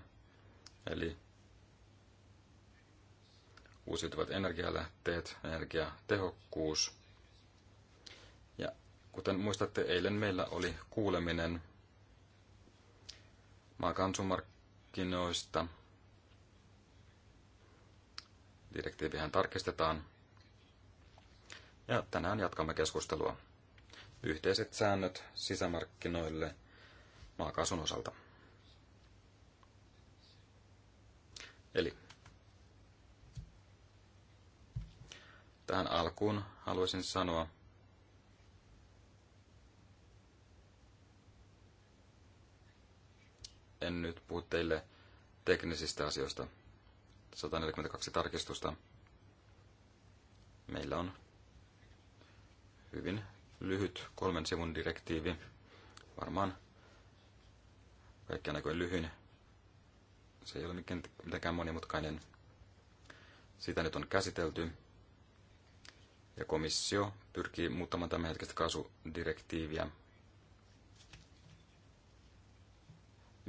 Speaker 3: Eli uusiutuvat energialähteet, energiatehokkuus Kuten muistatte, eilen meillä oli kuuleminen maakansumarkkinoista. Direktiivihän tarkistetaan. Ja tänään jatkamme keskustelua. Yhteiset säännöt sisämarkkinoille maakaasun osalta. Eli tähän alkuun haluaisin sanoa, en nyt puhu teille teknisistä asioista. 142 tarkistusta. Meillä on hyvin lyhyt kolmen sivun direktiivi. Varmaan kaikkien näköin lyhyin. Se ei ole mitenkään monimutkainen. Sitä nyt on käsitelty. Ja komissio pyrkii muuttamaan tämänhetkistä kaasudirektiiviä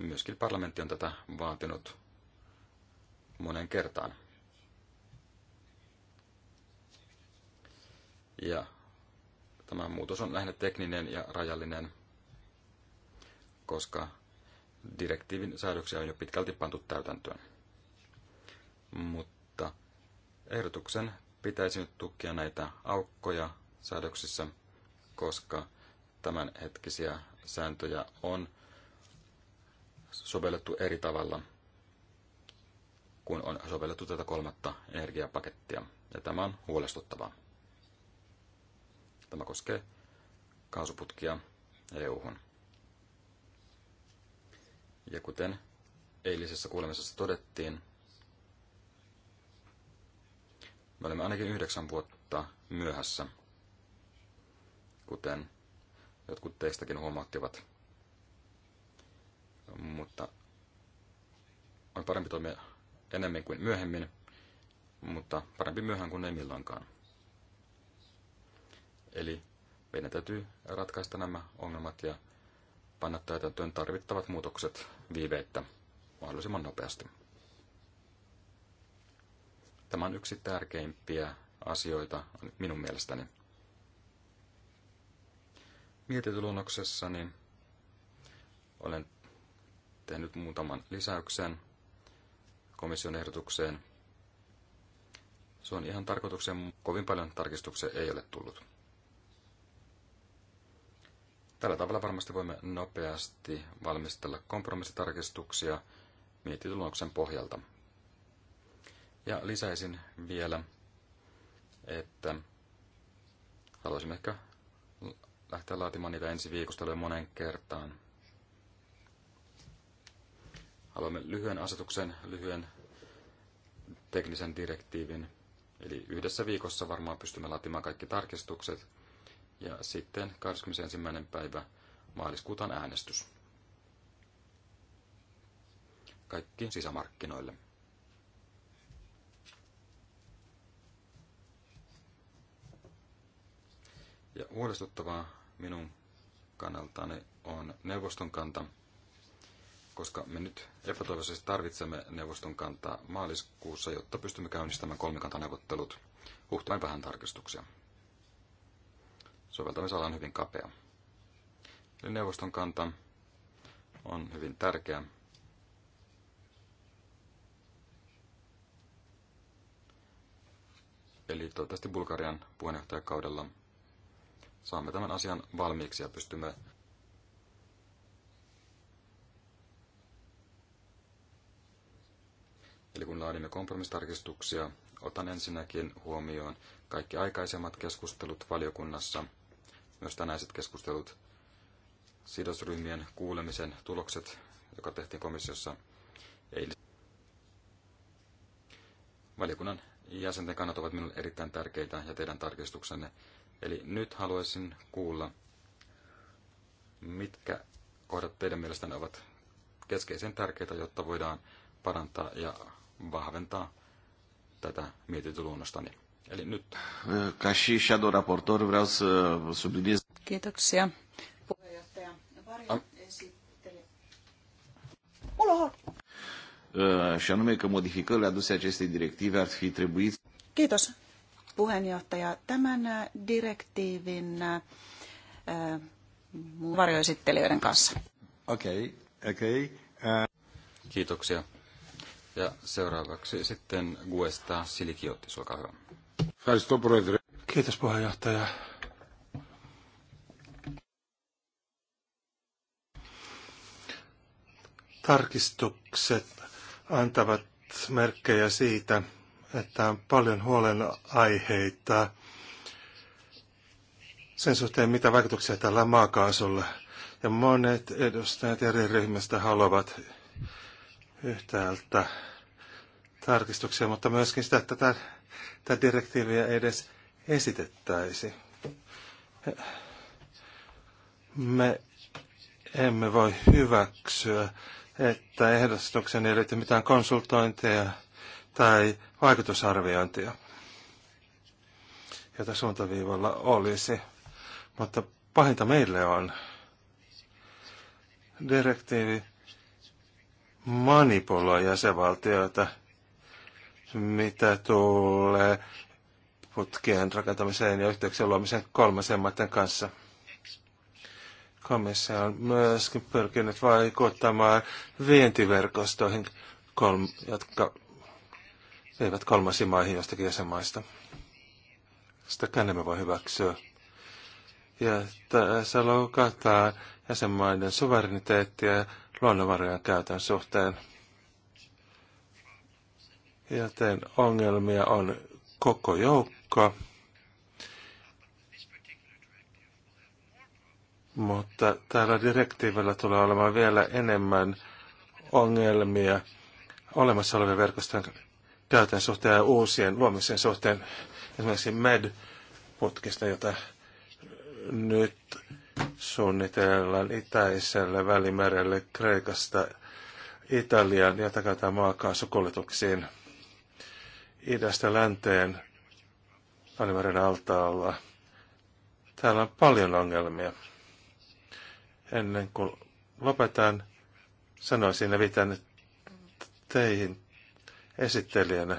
Speaker 3: Myöskin parlamentti on tätä vaatinut monen kertaan. Ja tämä muutos on lähinnä tekninen ja rajallinen, koska direktiivin säädöksiä on jo pitkälti pantu täytäntöön. Mutta ehdotuksen pitäisi nyt tukkia näitä aukkoja säädöksissä, koska tämänhetkisiä sääntöjä on sovellettu eri tavalla, kun on sovellettu tätä kolmatta energiapakettia. Ja tämä on huolestuttavaa. Tämä koskee kaasuputkia EU-hun. Ja kuten eilisessä kuulemisessa todettiin, me olemme ainakin yhdeksän vuotta myöhässä, kuten jotkut teistäkin huomauttivat mutta on parempi toimia enemmän kuin myöhemmin, mutta parempi myöhään kuin ei milloinkaan. Eli meidän täytyy ratkaista nämä ongelmat ja panna täytäntöön tarvittavat muutokset viiveettä mahdollisimman nopeasti. Tämä on yksi tärkeimpiä asioita minun mielestäni. Mietityluonnoksessani olen tehnyt muutaman lisäyksen komission ehdotukseen. Se on ihan tarkoituksen, kovin paljon tarkistuksia ei ole tullut. Tällä tavalla varmasti voimme nopeasti valmistella kompromissitarkistuksia mietitulonoksen pohjalta. Ja lisäisin vielä, että haluaisin ehkä lähteä laatimaan niitä ensi viikosta monen kertaan Haluamme lyhyen asetuksen, lyhyen teknisen direktiivin. Eli yhdessä viikossa varmaan pystymme laatimaan kaikki tarkistukset. Ja sitten 21. päivä maaliskuuta on äänestys. Kaikki sisämarkkinoille. Ja huolestuttavaa minun kannaltani on neuvoston kanta – koska me nyt epätoivoisesti tarvitsemme neuvoston kantaa maaliskuussa, jotta pystymme käynnistämään kolmikantaneuvottelut huhtain vähän tarkistuksia. Soveltamisala on hyvin kapea. Eli neuvoston kanta on hyvin tärkeä. Eli toivottavasti Bulgarian puheenjohtajakaudella saamme tämän asian valmiiksi ja pystymme Eli kun laadimme kompromistarkistuksia, otan ensinnäkin huomioon kaikki aikaisemmat keskustelut valiokunnassa, myös tänäiset keskustelut, sidosryhmien kuulemisen tulokset, joka tehtiin komissiossa eilen. Valiokunnan jäsenten kannat ovat minulle erittäin tärkeitä ja teidän tarkistuksenne. Eli nyt haluaisin kuulla, mitkä kohdat teidän mielestänne ovat keskeisen tärkeitä, jotta voidaan parantaa ja vahventaa tätä mietintöluonnostani. Eli nyt. Ca și shadow raportor vreau să subliniez.
Speaker 2: Kiitoksia. Puheenjohtaja Varja esittelee.
Speaker 1: Mulla Și anume că modificările aduse acestei directive ar fi
Speaker 2: trebuit... Kiitos puheenjohtaja. Tämän direktiivin äh, varjoesittelijöiden kanssa. Okei, okay, okei.
Speaker 3: Okay. Äh... Kiitoksia. Ja seuraavaksi sitten Guesta Silikiotti, olkaa hyvä.
Speaker 1: Kiitos puheenjohtaja. Tarkistukset antavat merkkejä siitä, että on paljon huolenaiheita sen suhteen, mitä vaikutuksia tällä maakaasulla. Ja monet edustajat eri ryhmästä haluavat yhtäältä tarkistuksia, mutta myöskin sitä, että tätä direktiiviä ei edes esitettäisi. Me emme voi hyväksyä, että ehdotuksen ei liity mitään konsultointeja tai vaikutusarviointia, jota suuntaviivalla olisi. Mutta pahinta meille on direktiivi manipuloi jäsenvaltioita, mitä tulee putkien rakentamiseen ja yhteyksien luomiseen kolmasen maiden kanssa. Komissio on myöskin pyrkinyt vaikuttamaan vientiverkostoihin, kolm, jotka eivät kolmasi maihin jostakin jäsenmaista. Sitäkään emme voi hyväksyä. Ja tässä loukataan jäsenmaiden suvereniteettia luonnonvaroja käytön suhteen. Joten ongelmia on koko joukko. Mutta tällä direktiivillä tulee olemaan vielä enemmän ongelmia olemassa olevien verkostojen käytön suhteen ja uusien luomisen suhteen. Esimerkiksi MED-putkista, jota nyt suunnitellaan itäiselle välimerelle Kreikasta Italian ja takaisin maakaasukuljetuksiin idästä länteen Välimeren altaalla. Täällä on paljon ongelmia. Ennen kuin lopetan, sanoisin ja viitän teihin esittelijänä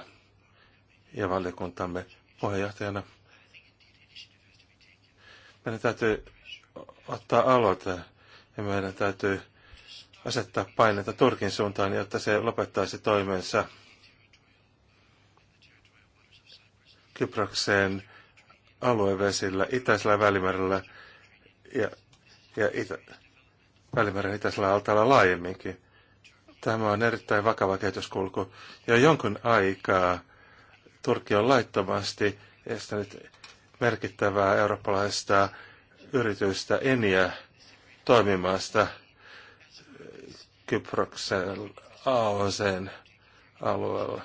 Speaker 1: ja valiokuntamme puheenjohtajana. Meidän täytyy ottaa aloita ja meidän täytyy asettaa painetta Turkin suuntaan, jotta se lopettaisi toimensa Kyprokseen aluevesillä, itäisellä välimerellä ja, ja itä, välimeren itäisellä altaalla laajemminkin. Tämä on erittäin vakava kehityskulku. Jo jonkun aikaa Turkki on laittomasti estänyt merkittävää eurooppalaista yritystä Eniä toimimasta Kyproksen AOCn alueella.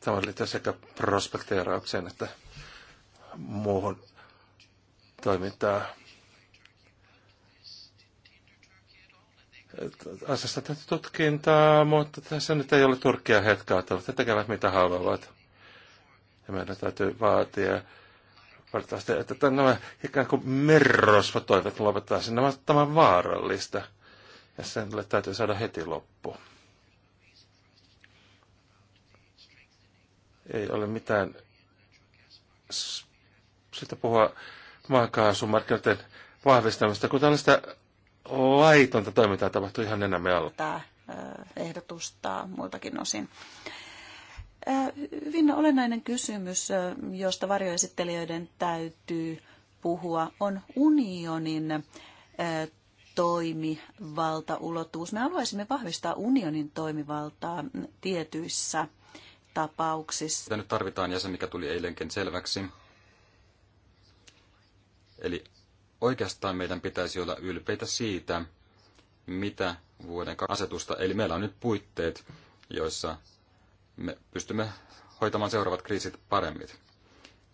Speaker 1: Tämä liittyy sekä prospekteeraukseen että muuhun toimintaan. Asiasta täytyy tutkintaa, mutta tässä nyt ei ole Turkkia hetkaa että He tekevät mitä haluavat. Ja meidän täytyy vaatia valitettavasti, että nämä ikään kuin merrosvat lopettaa sen. Nämä, tämä on vaarallista. Ja sen täytyy saada heti loppu. Ei ole mitään sitä puhua maakaasumarkkinoiden vahvistamista, kun tällaista laitonta toimintaa tapahtuu ihan enemmän alla.
Speaker 2: Tätä ehdotusta muiltakin osin. Äh, hyvin olennainen kysymys, äh, josta varjoesittelijöiden täytyy puhua, on unionin äh, toimivaltaulotuus. Me haluaisimme vahvistaa unionin toimivaltaa tietyissä tapauksissa.
Speaker 3: Tätä nyt tarvitaan ja se, mikä tuli eilenkin selväksi. Eli oikeastaan meidän pitäisi olla ylpeitä siitä, mitä vuoden asetusta, eli meillä on nyt puitteet, joissa me pystymme hoitamaan seuraavat kriisit paremmin.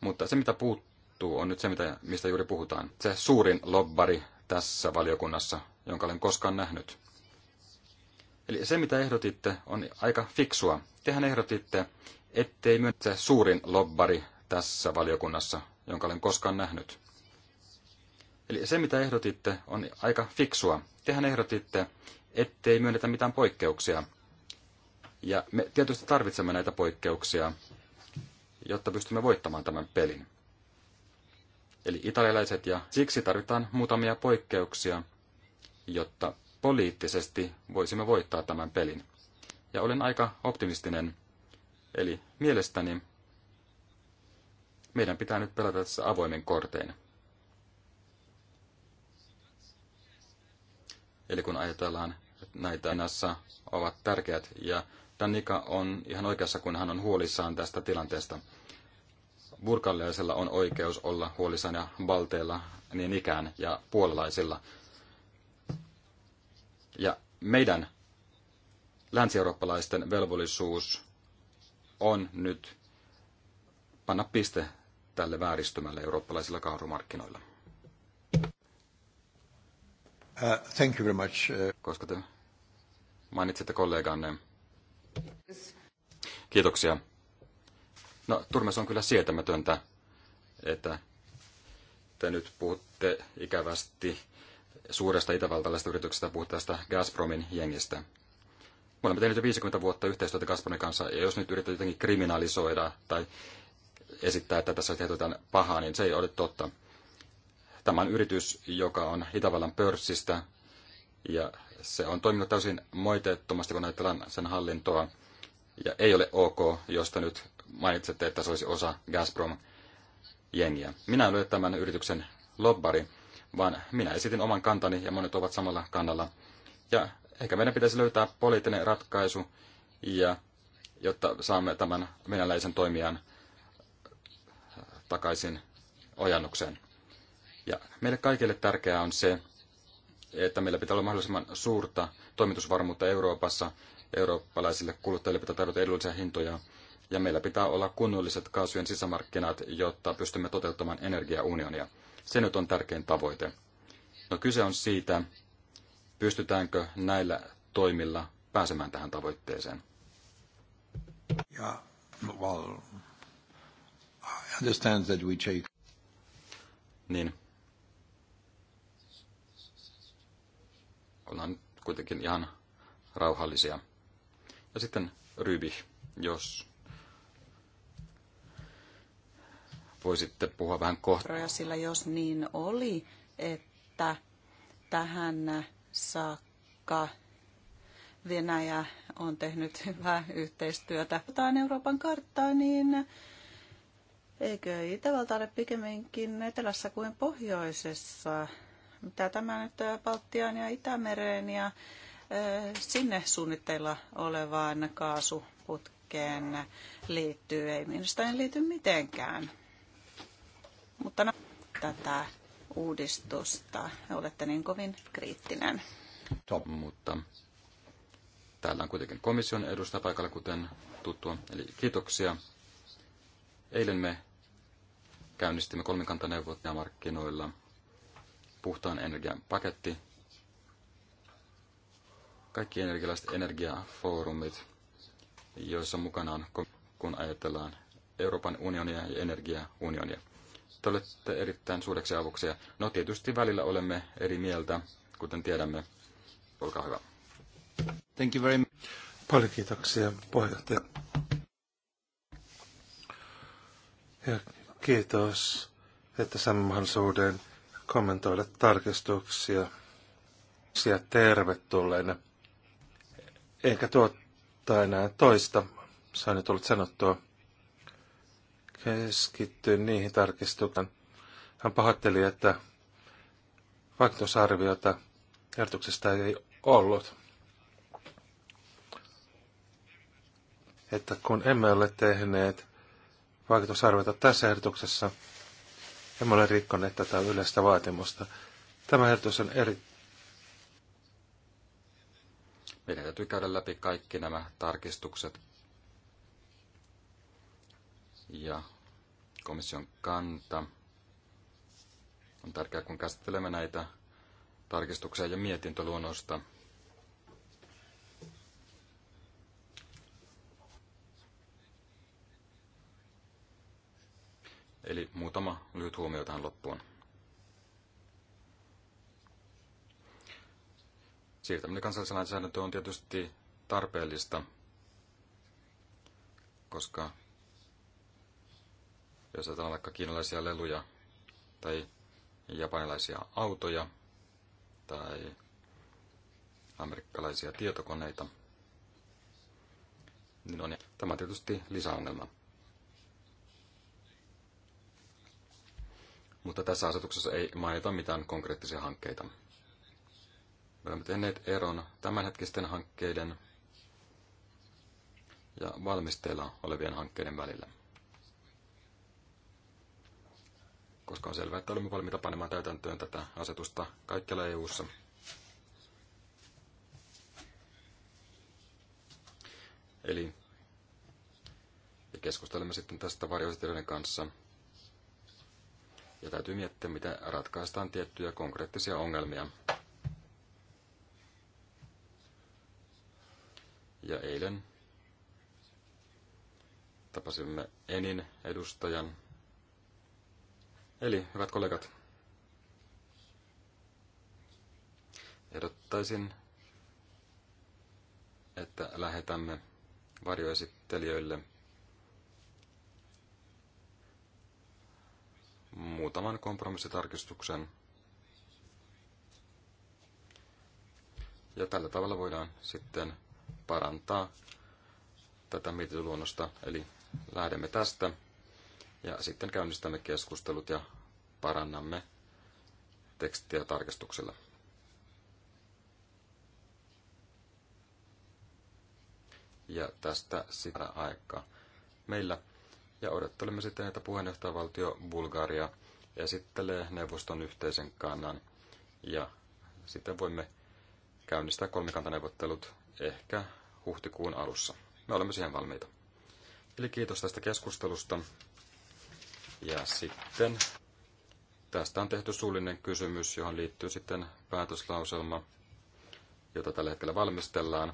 Speaker 3: Mutta se, mitä puuttuu, on nyt se, mitä, mistä juuri puhutaan. Se suurin lobbari tässä valiokunnassa, jonka olen koskaan nähnyt. Eli se, mitä ehdotitte, on aika fiksua. Tehän ehdotitte, ettei myöntä se suurin lobbari tässä valiokunnassa, jonka olen koskaan nähnyt. Eli se, mitä ehdotitte, on aika fiksua. Tehän ehdotitte, ettei myönnetä mitään poikkeuksia, ja me tietysti tarvitsemme näitä poikkeuksia, jotta pystymme voittamaan tämän pelin. Eli italialaiset ja siksi tarvitaan muutamia poikkeuksia, jotta poliittisesti voisimme voittaa tämän pelin. Ja olen aika optimistinen, eli mielestäni meidän pitää nyt pelata tässä avoimen kortein. Eli kun ajatellaan, että näitä nassa ovat tärkeät ja Danika on ihan oikeassa, kun hän on huolissaan tästä tilanteesta. Burkaliaisella on oikeus olla huolissaan ja balteilla niin ikään ja puolalaisilla. Ja meidän länsi länsi-eurooppalaisten velvollisuus on nyt panna piste tälle vääristymälle eurooppalaisilla kaurumarkkinoilla. Uh,
Speaker 1: thank you very much. Uh,
Speaker 3: Koska te mainitsitte kolleganne Kiitoksia. No, Turmes on kyllä sietämätöntä, että te nyt puhutte ikävästi suuresta itävaltalaisesta yrityksestä, puhutte tästä Gazpromin jengistä. Me olemme tehneet jo 50 vuotta yhteistyötä Gazpromin kanssa, ja jos nyt yritetään jotenkin kriminalisoida tai esittää, että tässä tehty jotain pahaa, niin se ei ole totta. Tämä on yritys, joka on Itävallan pörssistä, ja se on toiminut täysin moiteettomasti, kun ajatellaan sen hallintoa. Ja ei ole ok, josta nyt mainitsette, että se olisi osa Gazprom-jengiä. Minä en ole tämän yrityksen lobbari, vaan minä esitin oman kantani ja monet ovat samalla kannalla. Ja ehkä meidän pitäisi löytää poliittinen ratkaisu, ja, jotta saamme tämän venäläisen toimijan takaisin ojannukseen. Ja meille kaikille tärkeää on se, että meillä pitää olla mahdollisimman suurta toimitusvarmuutta Euroopassa eurooppalaisille kuluttajille pitää tarjota edullisia hintoja, ja meillä pitää olla kunnolliset kaasujen sisämarkkinat, jotta pystymme toteuttamaan energiaunionia. Se nyt on tärkein tavoite. No kyse on siitä, pystytäänkö näillä toimilla pääsemään tähän tavoitteeseen.
Speaker 1: Ja well,
Speaker 2: I understand that we take... Niin.
Speaker 3: Ollaan kuitenkin ihan rauhallisia. Ja sitten Rybi, jos voisitte puhua vähän kohta.
Speaker 2: Sillä jos niin oli, että tähän saakka Venäjä on tehnyt hyvää yhteistyötä. Otetaan Euroopan karttaa, niin eikö Itävalta ole pikemminkin etelässä kuin pohjoisessa? Mitä tämä nyt Baltian ja Itämereen ja sinne suunnitteilla olevaan kaasuputkeen liittyy. Ei minusta en liity mitenkään. Mutta no, tätä uudistusta olette niin kovin kriittinen.
Speaker 3: To, mutta täällä on kuitenkin komission edustaja paikalla, kuten tuttua. Eli kiitoksia. Eilen me käynnistimme ja markkinoilla puhtaan energian paketti kaikki energialaiset energiafoorumit, joissa mukana on, kun ajatellaan Euroopan unionia ja energiaunionia. Te olette erittäin suureksi avuksi. No tietysti välillä olemme eri mieltä, kuten tiedämme. Olkaa hyvä.
Speaker 1: Thank you very much. Paljon kiitoksia puheenjohtaja. Ja kiitos, että saamme mahdollisuuden kommentoida tarkistuksia. Tervetulleena eikä tuottaa enää toista, sain nyt ollut sanottua. Keskittyin niihin tarkistukan. Hän pahoitteli, että vaikutusarviota ehdotuksesta ei ollut. Että kun emme ole tehneet vaikutusarviota tässä ehdotuksessa, emme ole rikkoneet tätä yleistä vaatimusta. Tämä ehdotus on eri,
Speaker 3: meidän täytyy käydä läpi kaikki nämä tarkistukset. Ja komission kanta on tärkeää, kun käsittelemme näitä tarkistuksia ja mietintöluonnosta. Eli muutama lyhyt huomio tähän loppuun. Siirtäminen kansalliseen on tietysti tarpeellista, koska jos ajatellaan vaikka kiinalaisia leluja tai japanilaisia autoja tai amerikkalaisia tietokoneita, niin on. Tämä on tietysti lisäongelma. Mutta tässä asetuksessa ei mainita mitään konkreettisia hankkeita. Olemme tehneet eron tämänhetkisten hankkeiden ja valmisteilla olevien hankkeiden välillä. Koska on selvää, että olemme valmiita panemaan täytäntöön tätä asetusta kaikkialla EU-ssa. Eli ja keskustelemme sitten tästä varjoesittelyiden kanssa. Ja täytyy miettiä, miten ratkaistaan tiettyjä konkreettisia ongelmia, Ja eilen tapasimme Enin edustajan. Eli, hyvät kollegat, ehdottaisin, että lähetämme varjoesittelijöille muutaman kompromissitarkistuksen. Ja tällä tavalla voidaan sitten parantaa tätä mietityluonnosta. Eli lähdemme tästä ja sitten käynnistämme keskustelut ja parannamme tekstiä tarkistuksella. Ja tästä sitä aikaa meillä. Ja odottelemme sitten, että puheenjohtajavaltio Bulgaria esittelee neuvoston yhteisen kannan. Ja sitten voimme käynnistää kolmikantaneuvottelut ehkä huhtikuun alussa. Me olemme siihen valmiita. Eli kiitos tästä keskustelusta. Ja sitten tästä on tehty suullinen kysymys, johon liittyy sitten päätöslauselma, jota tällä hetkellä valmistellaan.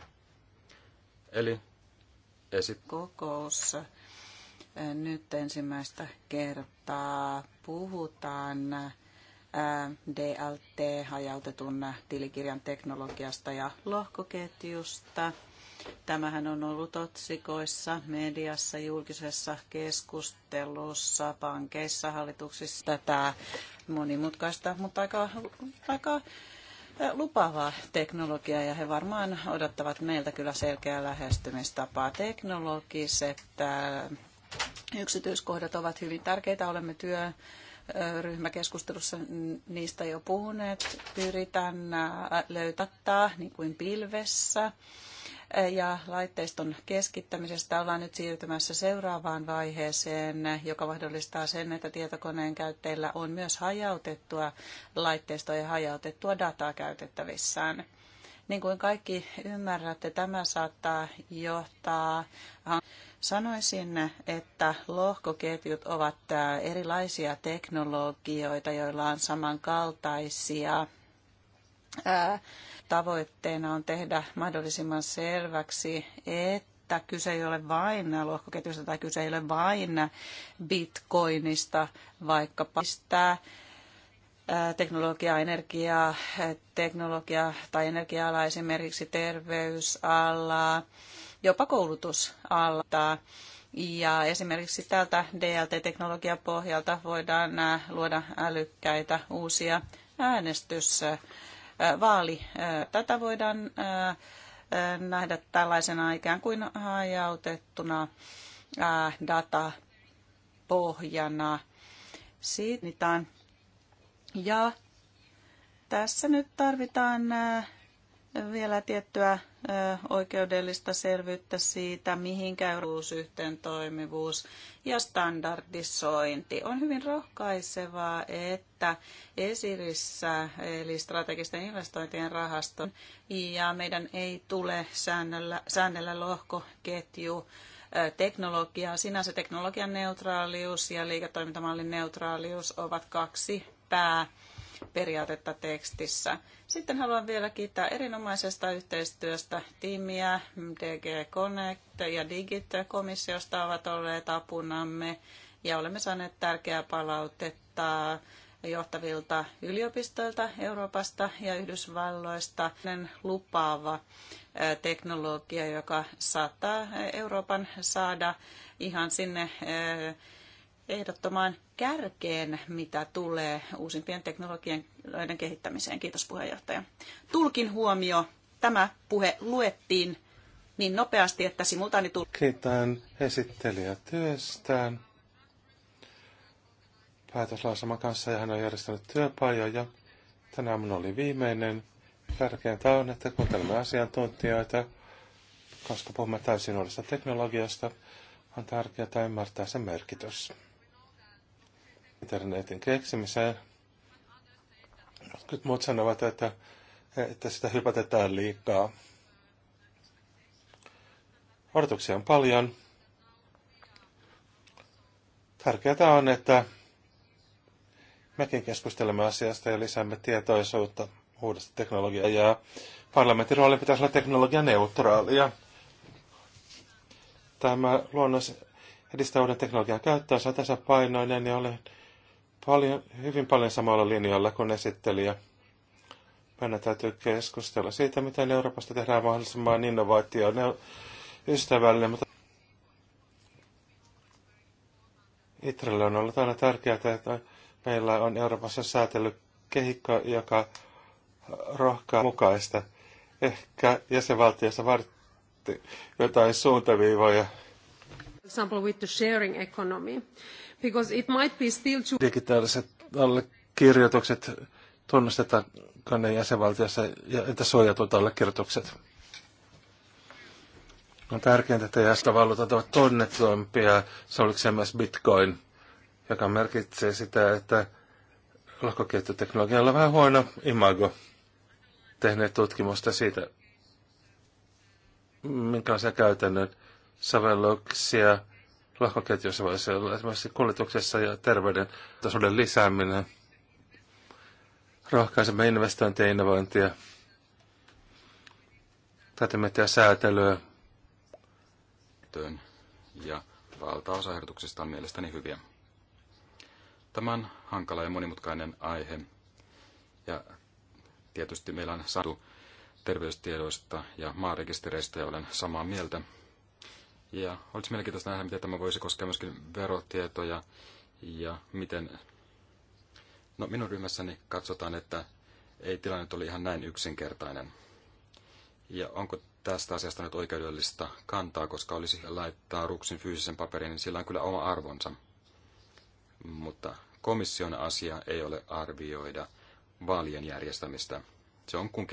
Speaker 3: Eli esit-
Speaker 2: kokoossa Nyt ensimmäistä kertaa puhutaan DLT, hajautetun tilikirjan teknologiasta ja lohkoketjusta. Tämähän on ollut otsikoissa, mediassa, julkisessa keskustelussa, pankeissa, hallituksissa tätä monimutkaista, mutta aika, aika lupaavaa teknologiaa ja he varmaan odottavat meiltä kyllä selkeää lähestymistapaa. Teknologiset yksityiskohdat ovat hyvin tärkeitä. Olemme työ ryhmäkeskustelussa niistä jo puhuneet. pyritään löytättää niin kuin pilvessä ja laitteiston keskittämisestä ollaan nyt siirtymässä seuraavaan vaiheeseen, joka mahdollistaa sen, että tietokoneen käyttäjillä on myös hajautettua laitteistoa ja hajautettua dataa käytettävissään. Niin kuin kaikki ymmärrätte, tämä saattaa johtaa. Sanoisin, että lohkoketjut ovat erilaisia teknologioita, joilla on samankaltaisia tavoitteena on tehdä mahdollisimman selväksi, että kyse ei ole vain lohkoketjusta tai kyse ei ole vain bitcoinista, vaikkapa pistää teknologiaa, energiaa, teknologia tai energia esimerkiksi terveysala, jopa koulutusala. Ja esimerkiksi tältä DLT-teknologian pohjalta voidaan luoda älykkäitä uusia äänestysvaali. Tätä voidaan nähdä tällaisena ikään kuin hajautettuna datapohjana. Siitä ja tässä nyt tarvitaan äh, vielä tiettyä äh, oikeudellista selvyyttä siitä, mihin käy yhteen toimivuus ja standardisointi. On hyvin rohkaisevaa, että Esirissä, eli strategisten investointien rahaston, ja meidän ei tule säännellä, säännellä lohkoketju äh, teknologiaa. Sinänsä teknologian neutraalius ja liiketoimintamallin neutraalius ovat kaksi pääperiaatetta tekstissä. Sitten haluan vielä kiittää erinomaisesta yhteistyöstä tiimiä. DG Connect ja Digit-komissiosta ovat olleet apunamme ja olemme saaneet tärkeää palautetta johtavilta yliopistoilta Euroopasta ja Yhdysvalloista lupaava teknologia, joka saattaa Euroopan saada ihan sinne ehdottomaan kärkeen, mitä tulee uusimpien teknologioiden kehittämiseen. Kiitos puheenjohtaja. Tulkin huomio. Tämä puhe luettiin niin nopeasti, että simultaani tuli.
Speaker 1: Kiitän esittelijä työstään päätöslausaman kanssa ja hän on järjestänyt työpajoja. tänään minulla oli viimeinen. Tärkeintä on, että kuuntelemme asiantuntijoita, koska puhumme täysin uudesta teknologiasta. On tärkeää ymmärtää sen merkitys internetin keksimiseen. Jotkut muut sanovat, että, että sitä hypätetään liikaa. Odotuksia on paljon. Tärkeää on, että mekin keskustelemme asiasta ja lisäämme tietoisuutta uudesta teknologiaa. Ja parlamentin rooli pitäisi olla teknologianeutraalia. Tämä luonnos edistää uuden teknologian käyttöä, se on tasapainoinen ja olen paljon, hyvin paljon samalla linjalla kuin esittelijä. Meidän täytyy keskustella siitä, miten Euroopasta tehdään mahdollisimman innovaatio ystävällinen, mutta Itrelle on ollut aina tärkeää, että meillä on Euroopassa säätely kehikko, joka rohkaa mukaista. Ehkä jäsenvaltiossa vartti jotain suuntaviivoja. example with the sharing economy. Because it might be still too... Digitaaliset allekirjoitukset tunnustetaan ne jäsenvaltiossa ja entä suojatut allekirjoitukset? On tärkeintä, että jäsenvaltiot ovat tunnetuimpia, se oliko myös bitcoin, joka merkitsee sitä, että lohkoketjuteknologialla on vähän huono imago. Tehneet tutkimusta siitä, minkälaisia käytännön sovelluksia lohkoketjussa se olla esimerkiksi kuljetuksessa ja terveyden tasoiden lisääminen. Rohkaisemme investointia ja innovointia. Tätä säätelyä. Ja valtaosa ehdotuksista
Speaker 3: on mielestäni hyviä. Tämä on hankala ja monimutkainen aihe. Ja tietysti meillä on saatu terveystiedoista ja maarekistereistä ja olen samaa mieltä ja olisi mielenkiintoista nähdä, miten tämä voisi koskea myöskin verotietoja ja miten... No minun ryhmässäni katsotaan, että ei tilanne ole ihan näin yksinkertainen. Ja onko tästä asiasta nyt oikeudellista kantaa, koska olisi laittaa ruksin fyysisen paperin, niin sillä on kyllä oma arvonsa. Mutta komission asia ei ole arvioida vaalien järjestämistä. Se on kunkin